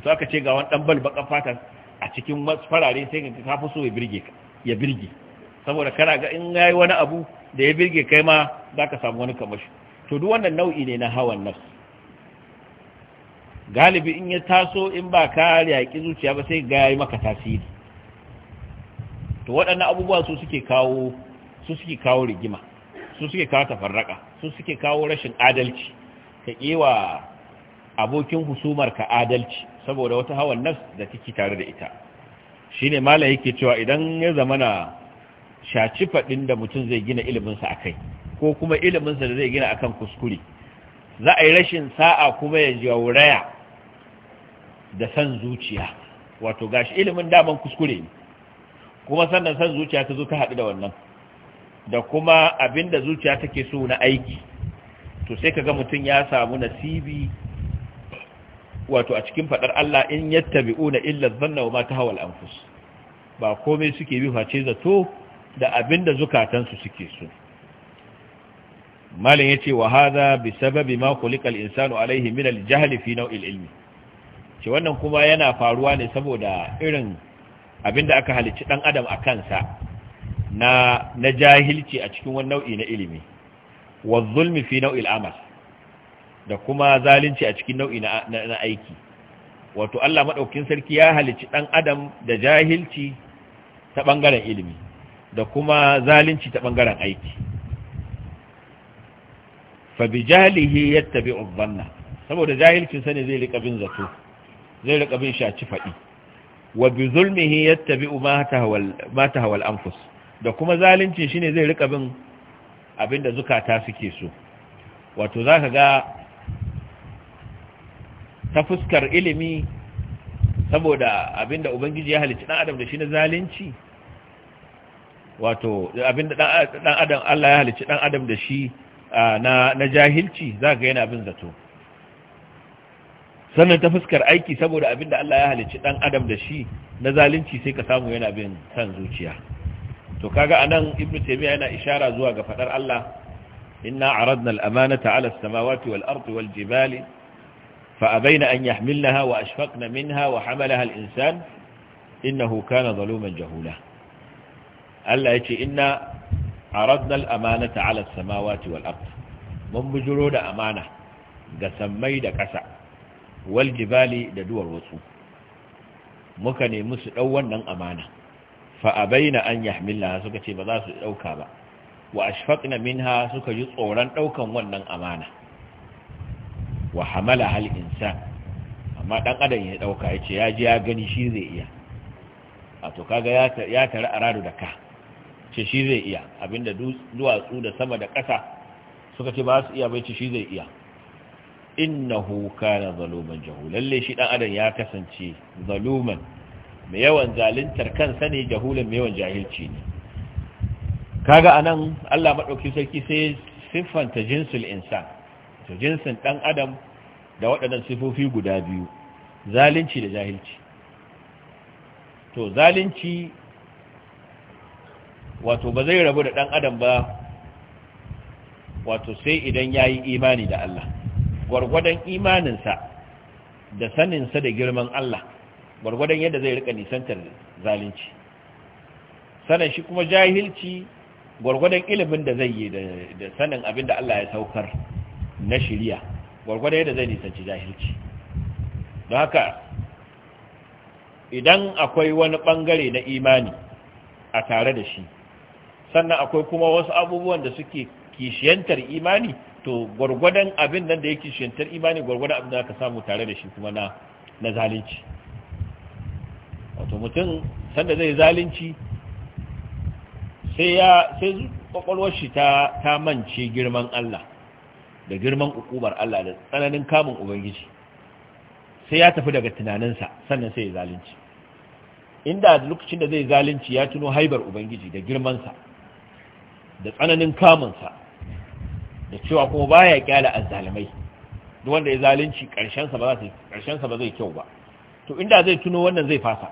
to aka ce ga wani dan bal baka fata a cikin farare sai ka kafa so ya birge ka ya birge saboda kana ga in yayi wani abu da ya birge kai ma zaka samu wani kamashi to duk wannan nau'i ne na hawan nafsi galibi in ya taso in ba ka yaƙi zuciya ba sai ga yi maka tasiri to waɗannan abubuwa su suke kawo su suke kawo rigima su suke kawo tafarraka su suke kawo rashin adalci ka kewa abokin husumar ka adalci saboda wata hawan nas da take tare da ita shine mala yake cewa idan ya zamana shaci faɗin da mutum zai gina iliminsa a kai ko kuma iliminsa da zai gina akan kuskure za a yi rashin sa'a kuma ya jawuraya da san zuciya wato gashi ilimin daman kuskure ne kuma sannan san zuciya ta zo ta haɗu da wannan da kuma abinda zuciya take so na aiki to sai ga mutum ya samu nasibi wato a cikin fadar Allah in yattabi'una illa dhanna wa ma tahawal anfus ba komai suke bi face zato da abin abinda zukatansu suke so malin yace wa hadha bisababi ma khuliqa al-insanu alayhi min al-jahli fi naw'il ilmi ce wannan kuma yana faruwa ne saboda irin abinda aka halicci ɗan adam a kansa na jahilci a cikin wani nau'i na ilimi wa zulmi fi nau'il amal da kuma zalunci a cikin nau'i na, aiki wato Allah madaukakin sarki ya halicci dan adam da jahilci ta bangaren ilimi da kuma zalunci ta bangaren aiki fa bi jahlihi yattabi'u dhanna saboda jahilcin sa ne zai rika bin zato zai rika bin shi a ci faɗi wa bi zulmihi yattabi'u ma tahawal ma tahawal anfus da kuma zalunci shine zai rika bin abinda zukata suke so wato zaka ga ta fuskar ilimi saboda abinda ubangiji ya halicci dan adam da shi na zalunci wato abinda dan adam Allah ya halicci dan adam da shi ah, na na jahilci zaka ga yana bin zato sannan ta fuskar aiki saboda abin da Allah ya halicci dan adam da shi na zalunci sai ka samu yana bin san zuciya to kaga anan ibnu taymiya yana ishara zuwa ga fadar Allah inna aradna al-amanata ala as-samawati wal-ardi wal-jibali فأبين أن يحملنها وأشفقن منها وحملها الإنسان إنه كان ظلوما جهولا ألا يتي إنا wal الأمانة Mun السماوات da amana ga أمانة da دكسع wal jibali da duwar wasu muka nemi su ɗau wannan amana fa abaina an yahmilna suka ce ba za su dauka ba wa ashfaqna minha suka ji tsoron ɗaukan wannan amana wa hamala hal insan amma dan adam ya dauka yace ya ji ya gani shi zai iya a to kaga ya tare a radu da ka ce shi zai iya abinda duwatsu da sama da ƙasa suka ce ba su iya bai ce shi zai iya innahu kana zaluman jahul lalle shi dan adam ya kasance zaluman mai yawan zaluntar kansa ne jahulan mai yawan jahilci ne kaga anan Allah madauki sarki sai siffanta jinsul insan to jinsin dan adam da waɗannan sifofi guda biyu zalunci da jahilci to zalunci wato ba zai rabu da dan adam ba wato sai idan yayi imani da Allah gwargwadon imaninsa da saninsa da girman Allah gwargwadon yadda zai rika nisantar zalunci sanin shi kuma jahilci gwargwadon ilimin da zai yi da sanin abin da Allah ya saukar na shirya gwargwadon yadda zai nisanci jahilci don haka idan akwai wani bangare na imani a tare da shi sannan akwai kuma wasu abubuwan da suke kishiyantar imani to gwargwadon abin nan da yake kishiyantar imani gwargwadon abin da aka samu tare da shi kuma na na zalunci wato mutum sanda zai zalunci sai ya sai kwakwalwar shi ta ta mance girman Allah da girman hukumar Allah da tsananin kamun ubangiji sai ya tafi daga tunaninsa sannan sai ya zalunci inda lokacin da zai zalunci ya tuno haibar ubangiji da girmansa da tsananin kamunsa da cewa kuma baya kyala azzalimai duk wanda ya zalunci karshen sa ba zai kyau ba to inda zai tuno wannan zai fasa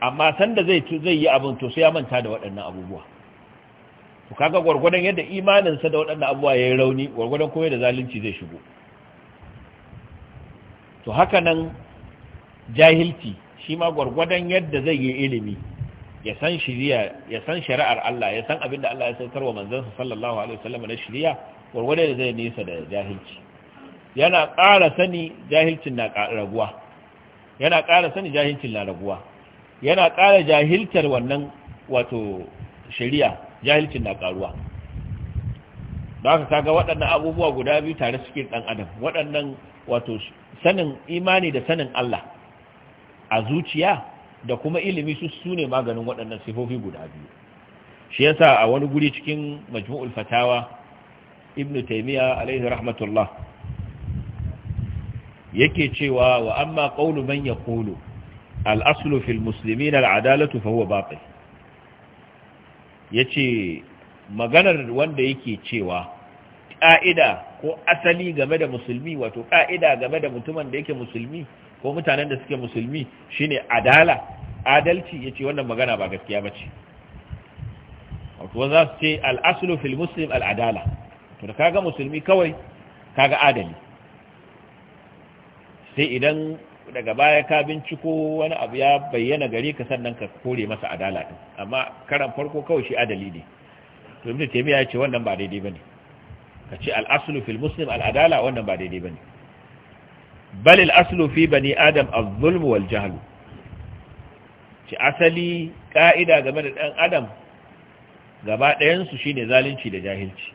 amma sanda zai zai yi abin to sai ya manta da waɗannan abubuwa to kaga gwargwadon yadda imanin sa da waɗannan abubuwa yayi rauni gwargwadon kuma da zalunci zai shigo to haka nan jahilci shi ma gwargwadon yadda zai yi ilimi ya san shiriya ya san shari'ar Allah ya san abinda Allah ya saukar wa manzansa sallallahu alaihi wasallam na shiriya warware da zai nisa da jahilci yana ƙara sani jahilcin na raguwa yana ƙara sani jahilcin na raguwa yana ƙara jahiltar wannan wato shari'a jahilcin na ƙaruwa don haka kaga waɗannan abubuwa guda biyu tare suke ɗan adam waɗannan wato sanin imani da sanin Allah a zuciya da kuma ilimi su su ne maganin waɗannan sifofi guda biyu shi yasa a wani guri cikin majmu'ul fatawa ibnu taymiya alaihi rahmatullah yake cewa wa amma qawlu man yaqulu al-aslu fil muslimin al-adalatu fa huwa batil yace maganar wanda yake cewa ƙa'ida ko asali game da musulmi wato ƙa'ida game da mutumin da yake musulmi ko mutanen da suke musulmi shine adala adalci yace wannan magana ba gaskiya bace wato za su ce al-aslu fil muslim al-adala to kaga musulmi kawai kaga adali sai idan daga baya ka binciko wani abu ya bayyana gare ka sannan ka kore masa adala din amma karan farko kawai shi adali ne to ibnu taymiya ya ce wannan ba daidai bane ce al-aslu fil muslim al-adala wannan ba daidai bane Balil al-aslu fi bani adam az-zulm wal asali ƙa'ida game da dan adam gaba ɗayan su shine zalunci da jahilci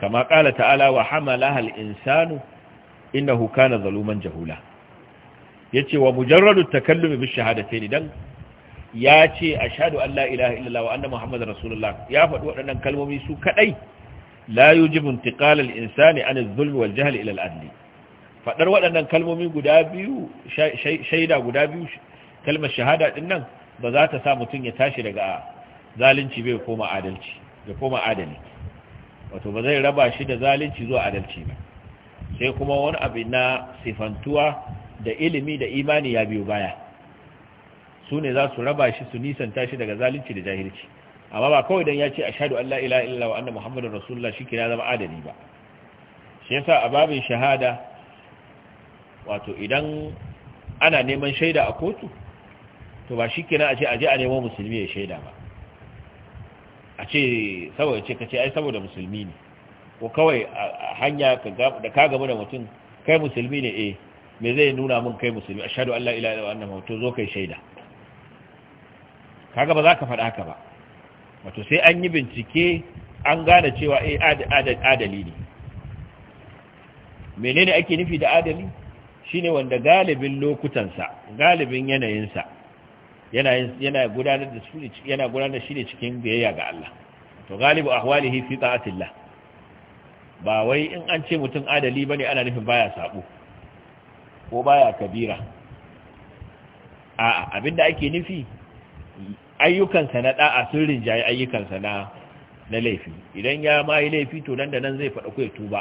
kama qala ta'ala wa hamalaha al-insanu innahu kana zaluman jahula yace wa mujarradu takallumi bi shahadatayn dan ya ce ashhadu an la ilaha illallah wa anna muhammadar rasulullah ya faɗi waɗannan kalmomi su kadai la yujibu intiqal al-insani an adh-dhulm wal jahl ila al faɗar waɗannan kalmomi guda biyu shaida guda biyu kalmar shahada ɗin nan ba za ta sa mutum ya tashi daga zalunci bai koma adalci ya koma adali wato ba zai raba shi da zalunci zuwa adalci ba sai kuma wani abu na sifantuwa da ilimi da imani ya biyo baya su ne za su raba shi su nisanta shi daga zalunci da jahilci amma ba kawai don ya ce a shaɗu Allah ila illa wa annan Muhammadu Rasulullah shi kira zama adali ba shi yasa a babin shahada wato idan ana neman shaida a kotu to ba shi kenan a ce aje a nemo musulmi ya shaida ba a ce saboda ce ka ce ai saboda musulmi ne ko kawai a hanya da ka gamu da mutum kai musulmi ne eh me zai nuna mun kai musulmi a an Allah ila illa anna to zo kai shaida kaga ba za ka faɗa haka ba wato sai an yi bincike an gane cewa eh adali ne menene ake nufi da adali shine wanda galibin lokutansa galibin yanayinsa yana gudanar da shi yana gudanar shi ne cikin biyayya ga Allah to galibu ahwalihi fi ta'atillah ba wai in an ce mutum adali bane ana nufin baya sabo ko baya kabira a'a abinda ake nufi ayyukansa na da'a sun rinjaye ayyukansa na na laifi idan ya ma laifi to nan da nan zai faɗa ko ya tuba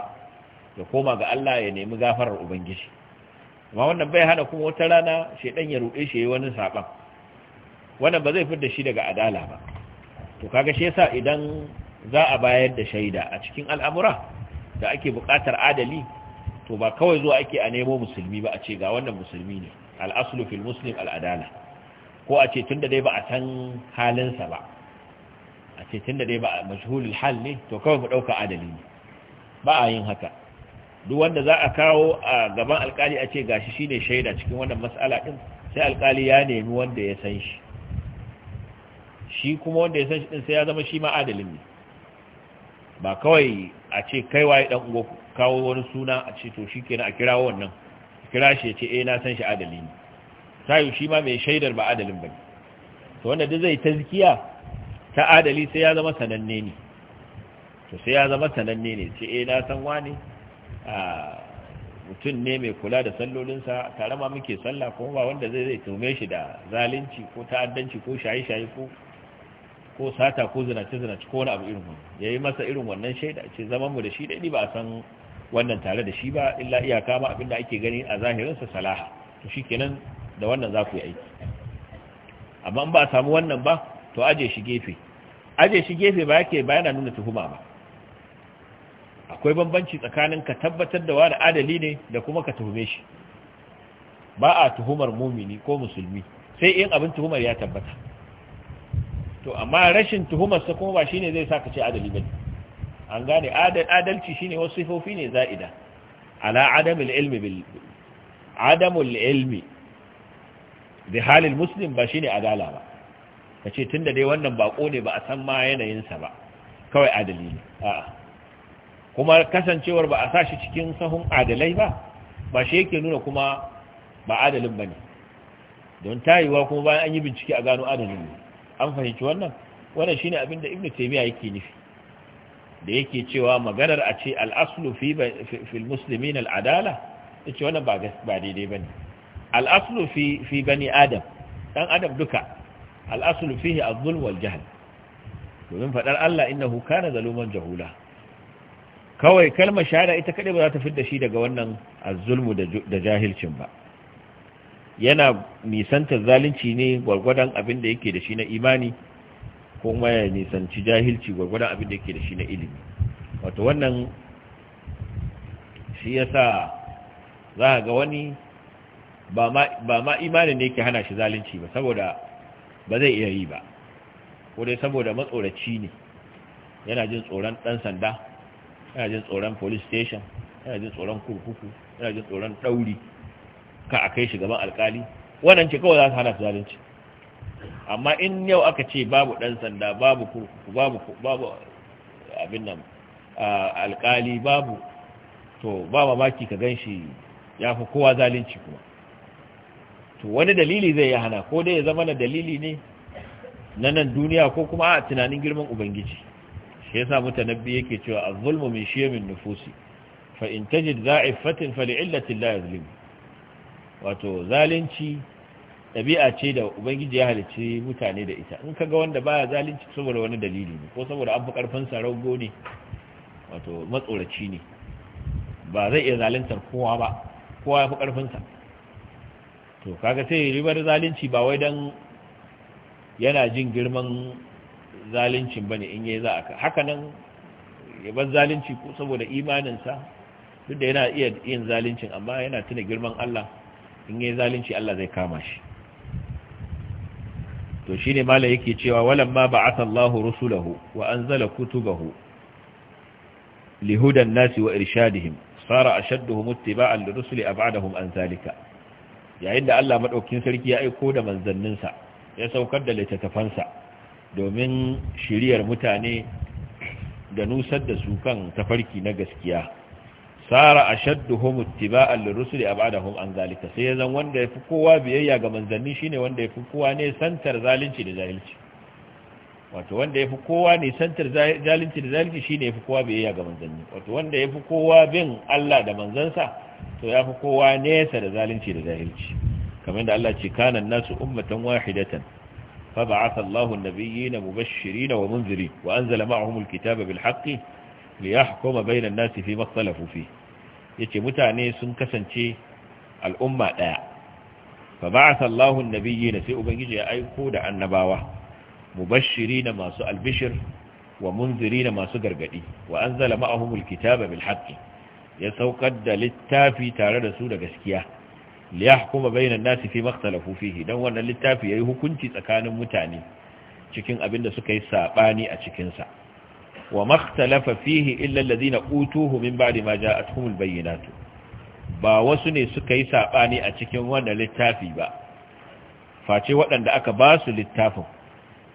ya koma ga Allah ya nemi gafarar ubangiji amma wannan bai hana kuma wata rana shaidan ya ruɗe shi wani saban wannan ba zai fidda shi daga adala ba to kaga shi yasa idan za a bayar da shaida a cikin al'amura da ake buƙatar adali to ba kawai zuwa ake a nemo musulmi ba a ce ga wannan musulmi ne al'aslu fil muslim adala ko a ce tunda dai ba a san halinsa ba a ce tunda dai ba a mashhulul hal ne to kawai mu ɗauka adali ne ba a yin haka duk wanda za a kawo a gaban alkali a ce gashi shine shaida cikin wannan mas'ala din sai alkali ya nemi wanda ya san shi shi kuma wanda ya san shi din sai ya zama shi ma adalin ne ba kawai a ce kai waye dan uwa kawo wani suna a ce to shikenan a kirawo wannan kira shi ya ce eh na san shi adalin ne sai shi ma mai shaidar ba adalin bane to wanda duk zai tazkiya ta adali sai ya zama sananne ne to sai ya zama sananne ne sai eh na san wani mutum ne mai kula da sallolinsa tare ma muke sallah kuma ba wanda zai zai tume shi da zalunci ko ta'addanci ko shaye-shaye ko ko sata ko zinace-zinace ko wani abu irin wannan ya yi masa irin wannan shaida ce zaman mu da shi daidai ba a san wannan tare da shi ba illa iyaka ma abinda ake gani a zahirinsa salaha to shikenan da wannan za ku yi aiki amma ba a samu wannan ba to aje shi gefe aje shi gefe ba yake bayana nuna tuhuma ba akwai bambanci tsakanin ka tabbatar da wani adali ne da kuma ka tuhume shi ba a tuhumar mumini ko musulmi sai in abin tuhumar ya tabbata to amma rashin tuhumarsa kuma ba shine zai sa ka ce adali bane an gane adalci shine wasu sifofi ne za'ida ala adamul ilmi bil adamul ilmi bi halil muslim ba shine adala ba kace tunda dai wannan bako ne ba a san ma yanayinsa ba kawai adali ne a'a kuma kasancewar ba a sa shi cikin sahun adalai ba ba shi yake nuna kuma ba adalin ba ne don tayiwa kuma bayan an yi bincike a gano adalin ne an fahimci wannan wannan shine abin da ibnu taimiyya yake nufi da yake cewa maganar a ce al'aslu fi fil na? al'adala ce wannan ba ba ne. bane al'aslu fi fi bani adam dan adam duka al'aslu fihi az-zulm wal jahl domin faɗar Allah innahu kana zaluman jahula kawai kalmar shahada ita kaɗai ba za ta fidda shi daga wannan azulmu da jahilcin ba yana nisantar zalunci ne gwargwadon abin da yake da shi na imani kuma ya nisanci jahilci gwargwadon abin da yake da shi na ilimi wato wannan shi yasa za ga wani ba ma imanin ne yake hana shi zalunci ba saboda ba zai iya yi ba ko dai saboda matsoraci ne yana jin tsoron ɗan sanda yana jin tsoron police station yana jin tsoron kurkuku yana jin tsoron ɗauri ka a kai shi gaban alkali wannan ce kawai za su hana su zalunci amma in yau aka ce babu ɗan sanda babu kurkuku babu babu abin nan alkali babu to ba mamaki ka gan shi ya fi kowa zalunci kuma to wani dalili zai ya hana ko dai ya zama na dalili ne na nan duniya ko kuma a tunanin girman ubangiji shi yasa mutanabbi yake cewa az-zulmu min shiyamin nufusi fa in tajid za'ifatan fa li'illati la yuzlim wato zalunci dabi'a ce da ubangiji ya halicci mutane da ita in kaga wanda baya zalunci saboda wani dalili ne ko saboda an fi karfin sa rago ne wato matsoraci ne ba zai iya zaluntar kowa ba kowa ya fi karfin sa to kaga sai ribar zalunci ba wai dan yana jin girman zalincin ne in yi za aka haka nan ya bar zalunci ko saboda imaninsa duk da yana iya yin zalincin amma yana tuna girman Allah in yi zalunci Allah zai kama shi to shi ne malam yake cewa ba ba'atha Allahu rusulahu wa anzala kutubahu lihudan nasi wa irshadihim sara ashadduhum ittiba'an lirusuli ab'adahum an zalika yayin da Allah maɗaukin sarki ya aiko da manzanninsa ya saukar da littattafansa domin shiriyar mutane da nusar da su kan tafarki na gaskiya sara ashadduhum a lirrusuli adahun an zalika sai yanzan wanda ya fi kowa biyayya ga manzanni shine wanda ya fi kowa ne santar zalunci da jahilci wato wanda ya fi kowa ne santar zalunci da zalunci shine fi kowa biyayya ga manzanni wato wanda ya fi kowa bin Allah da manzansa to ya fi kowa nesa da zalunci da jahilci kamar da Allah ce kana nasu ummatan wahidatan فبعث الله النبيين مبشرين ومنذرين وأنزل معهم الكتاب بالحق ليحكم بين الناس فيما اختلفوا فيه yace mutane sun kasance al'umma daya fa ba'atha Allahu sai ubangiji ya aiko da annabawa mubashirin masu albishir wa munzirin masu gargadi wa anzala ma'ahum al ya saukar da littafi tare da su da gaskiya liyahkuma bainan nasi fi makhtalafu fihi dan wannan littafi yayi hukunci tsakanin mutane cikin abin da suka yi sabani a cikin sa wa makhtalafa fihi illa alladhina utuhu min ba'di ma ja'atuhumul bayyinatu ba wasu ne suka yi sabani a cikin wannan littafi ba face waɗanda aka ba su littafin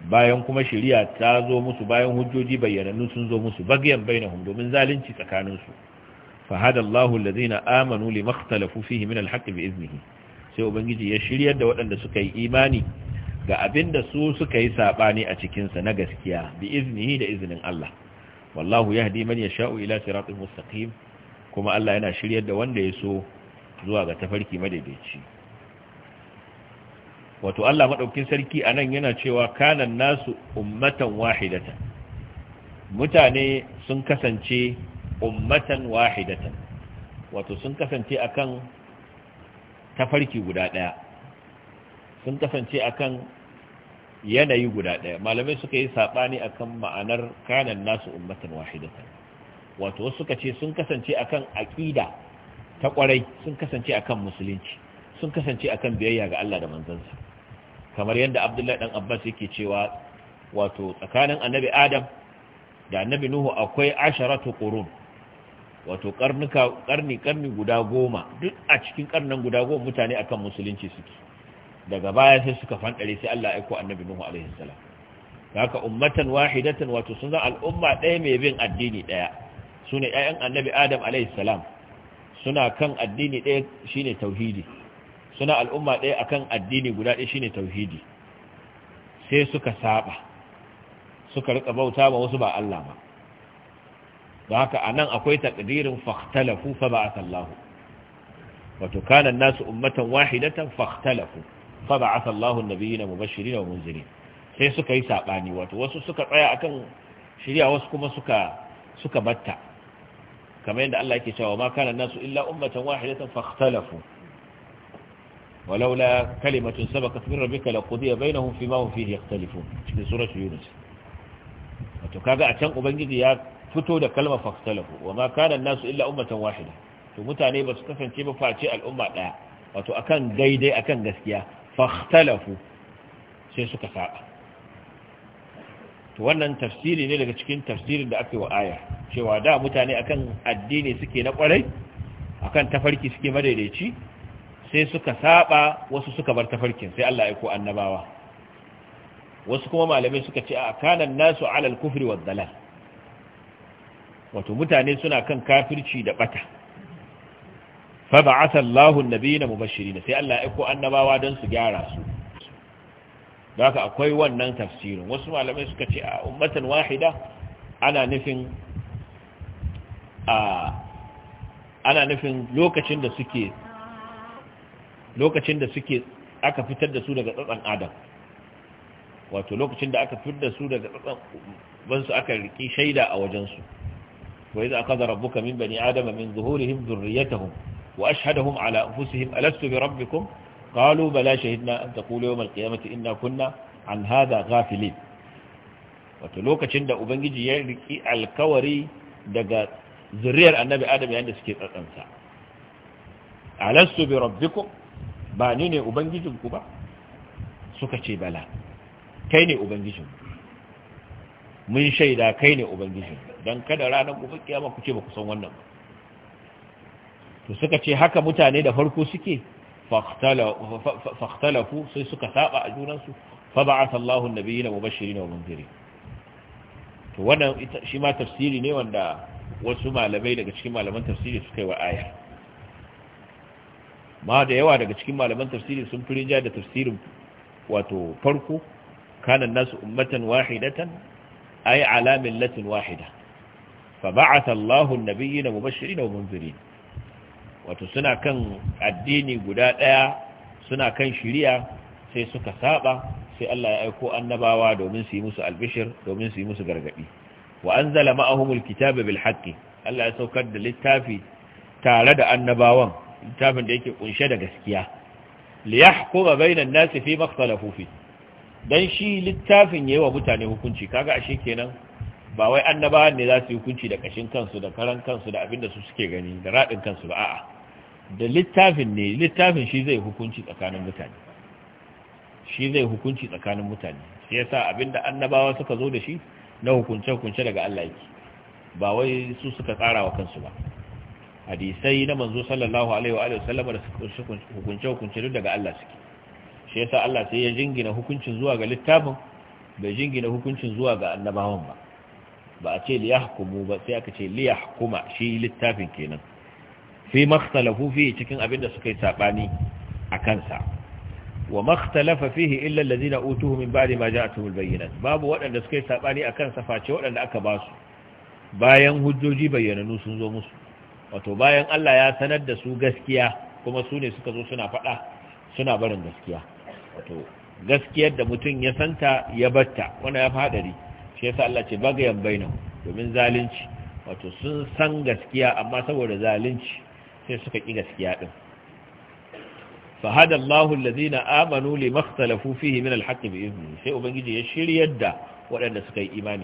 bayan kuma shari'a ta zo musu bayan hujjoji bayyanannu sun zo musu bagyan bainahum domin zalunci tsakaninsu fahada Allahu allazina amanu limakhtalafu fihi min alhaqqi bi iznihi sai ubangiji ya shiryar da waɗanda suka yi imani ga abinda su suka yi sabani a cikin sa na gaskiya bi iznihi da iznin Allah wallahu yahdi man yasha'u ila siratin mustaqim kuma Allah yana shiryar da wanda ya so zuwa ga tafarki madaidaici wato Allah maɗaukin sarki anan yana cewa kanan nasu ummatan wahidatan mutane sun kasance ummatan wahidatan wato sun kasance akan tafarki guda daya sun kasance akan yanayi guda daya malamai suka yi sabani akan ma'anar kanan nasu ummatan wahidatan wato suka ce sun kasance akan aqida ta kwarai sun kasance akan musulunci sun kasance akan biyayya ga Allah da manzansa kamar yadda Abdullahi dan Abbas yake cewa wato tsakanin annabi Adam da annabi Nuhu akwai asharatu qurun wato karnuka karni karni guda goma duk a cikin karnan guda goma mutane akan musulunci suke daga baya sai suka fanɗare sai Allah ya aiko annabi Nuhu alaihi salam haka ummatan wahidatan wato sun zan al'umma ɗaya mai bin addini ɗaya sune 'ya'yan annabi Adam alaihi salam suna kan addini ɗaya shine tauhidi suna al'umma ɗaya akan addini guda ɗaya shine tauhidi sai suka saba suka rika bauta ba wasu ba Allah ba da haka a nan akwai takdirin fahtalafu fa ba a sallahu wato kanan nasu ummatan wahidatan fahtalafu fa ba a sallahu na mubashiri sai suka yi saɓani wato wasu suka tsaya akan shirya wasu kuma suka batta kamar yadda Allah yake cewa ma kanan nasu illa ummatan wahidatan fahtalafu ولولا كلمة سبقت من ربك لقضي kaga a can ubangiji ya fito da kalmar faktalahu wa ma kana nasu illa ummatan wahida to mutane ba su kasance ba face al'umma daya wato akan daidai akan gaskiya faktalahu sai suka saba to wannan tafsiri ne daga cikin tafsirin da aka yi wa aya cewa da mutane akan addini suke na kwarai akan tafarki suke madaidaici sai suka saba wasu suka bar tafarkin sai Allah ya ko annabawa wasu kuma malamai suka ce a kanan nasu alal kufri wa dalal wato mutane suna kan kafirci da bata fa ba'atha Allahu an-nabiyina mubashirin sai Allah ya aiko annabawa don su gyara su da haka akwai wannan tafsirin wasu malamai suka ce a ummatan wahida ana nufin a ana nufin lokacin da suke lokacin da suke aka fitar da su daga tsatsan adam wato lokacin da aka fitar da su daga tsatsan bansu aka riki shaida a wajensu وإذا أخذ ربك من بني آدم من ظهورهم ذريتهم وأشهدهم على أنفسهم ألست بربكم قالوا بلى شهدنا أن تقول يوم القيامة إنا كنا عن هذا غافلين وتلوك شند أبنجي يلقي الكوري دقى ذرية النبي آدم يعني سكيت الأنسى ألست بربكم بانيني أبنجي كبا سكتي بلى كيني أبنجي من شيدا كيني أبنجي don kada ranar gobe kiyama ku ce ba ku san wannan ba to suka ce haka mutane da farko suke fahtalafu sai suka saba a junansu fa ba'atha Allahu an-nabiyina mubashirin wa munzirin to wannan shi ma tafsiri ne wanda wasu malamai daga cikin malaman tafsiri suka yi wa aya ma da yawa daga cikin malaman tafsiri sun fi rinja da tafsirin wato farko kanan nasu ummatan wahidatan ay ala latin wahida fa ba'atha na mu nabiyina wato suna kan addini guda ɗaya. suna kan shiriya sai suka saba sai Allah ya aiko annabawa domin su yi musu albishir domin su yi musu gargadi wa anzala ma'ahumul kitaba bil haqqi Allah ya saukar da littafi tare da annabawan littafin da yake kunshe da gaskiya li yahkuma bainan nasi fi makhtalafu fi dan shi littafin yayi wa mutane hukunci kaga ashe kenan ba wai annabawan ne za su yi hukunci da kashin kansu da karan kansu da abin da su suke gani da raɗin kansu ba a'a da littafin ne littafin shi zai hukunci tsakanin mutane shi zai hukunci tsakanin mutane shi yasa abin da annabawa suka zo da shi na hukunce-hukunce daga Allah yake ba wai su suka tsara wa kansu ba hadisai na manzo sallallahu alaihi wa alihi wasallam da hukunce-hukunce duk daga Allah suke shi yasa Allah sai ya jingina hukuncin zuwa ga littafin bai jingina hukuncin zuwa ga annabawan ba ba a ce liyahkumu ba sai aka ce liyahkuma shi littafin kenan fi makhtalafu fi cikin abin da suka yi sabani a kansa wa makhtalafa fihi illa allazina utuhu min ba'di ma ja'atuhum albayyinat babu waɗanda suka yi sabani a kansa face waɗanda aka ba su bayan hujjoji bayyananu sun zo musu wato bayan Allah ya sanar da su gaskiya kuma su ne suka zo suna faɗa suna barin gaskiya wato gaskiyar da mutum ya santa ya batta wannan ya fi haɗari shi yasa Allah ce bagayan bainahu domin zalunci wato sun san gaskiya amma saboda zalunci sai suka ki gaskiya din fahada Allahu allazina amanu limakhtalafu fihi min alhaqqi bi idhnihi sai ubangiji ya shiryar da waɗanda suka yi imani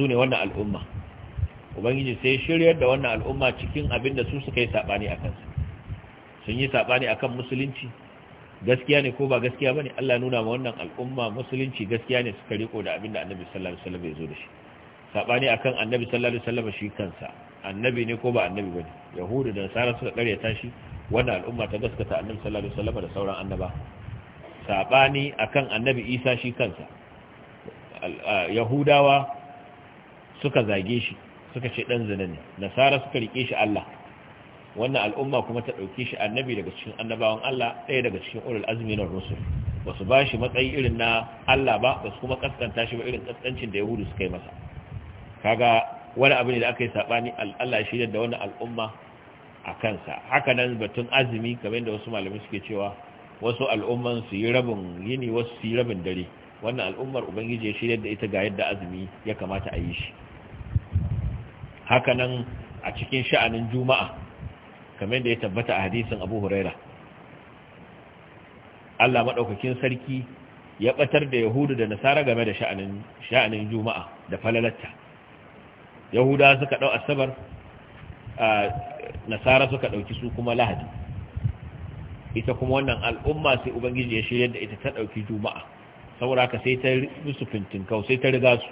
sune wannan al'umma ubangiji sai shiryar da wannan al'umma cikin abinda su suka yi sabani akan su sun yi sabani akan musulunci gaskiya ne ko ba gaskiya bane Allah nuna ma wannan al'umma musulunci gaskiya ne suka riko da abinda annabi sallallahu alaihi wasallam ya zo da shi sabani akan annabi sallallahu alaihi wasallam shi kansa annabi ne ko ba annabi bane yahudu da nasara suka ta shi wannan al'umma ta gaskata annabi sallallahu alaihi wasallam da sauran annaba sabani akan annabi isa shi kansa yahudawa suka zage shi suka ce dan zina ne nasara suka rike shi Allah wannan al'umma kuma ta ɗauki shi annabi daga cikin annabawan Allah ɗaya daga cikin ulul azmi na rusul ba su ba shi matsayi irin na Allah ba ba su kuma kaskanta shi ba irin kaskancin da yahudu suka yi masa kaga wani abu ne da aka yi saɓani Allah shi da wannan al'umma a kansa haka nan batun azumi kamar da wasu malamai suke cewa wasu al'umman su yi rabin yini wasu su yi rabin dare wannan al'ummar ubangiji ya shirya da ita ga yadda azumi ya kamata a yi shi haka nan a cikin sha'anin juma'a kamar da ya tabbata a hadisin abu huraira Allah maɗaukakin sarki ya ɓatar da yahudu da nasara game da sha'anin juma'a da falalatta yahuda suka ɗau asabar nasara suka ɗauki su kuma lahadi ita kuma wannan al'umma sai ubangiji ya shirya da ita ta ɗauki juma'a saboda ka sai ta musu fintinkau sai ta riga su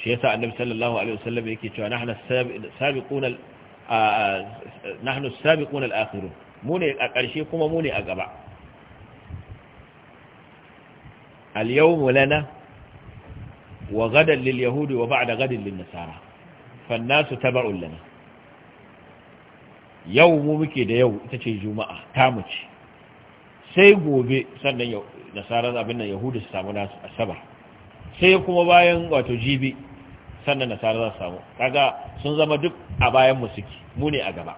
shi sa annabi sallallahu alaihi wasallam yake cewa nahnu sabiquna nahnu sabiquna al-akhirun mu ne a ƙarshe kuma mu ne a gaba al-yawmu lana wa gadan lil yahudi wa ba'da gadan lin nasara fan nasu tabarun lana yau mu muke da yau ita ce juma'a ta mu ce sai gobe sannan nasara abin nan yahudi su samu nasu asabar sai kuma bayan wato jibi sannan nasara za su samu kaga sun zama duk a bayan mu suke mu ne a gaba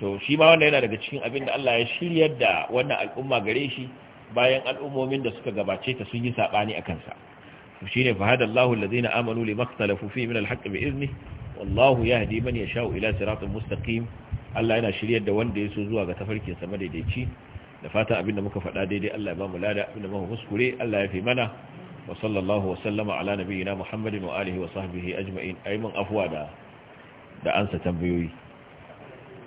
to shi ma wannan yana daga cikin abin da Allah ya shirya da wannan al'umma gare shi bayan al'ummomin da suka gabace ta sun yi sabani akan sa shi ne fa hada Allahu allazina amanu limaktalafu fi min alhaqqi bi izni wallahu yahdi man yasha'u ila siratin mustaqim Allah yana shirya da wanda ya so zuwa ga tafarkin sa madaidaici da fatan abin da muka faɗa daidai Allah ya ba mu lada abin da muka kuskure Allah ya fi mana wa sallallahu wa sallama ala nabiyina muhammadin wa alihi wa sahbihi ajma'in ai mun afwa da da ansa tambayoyi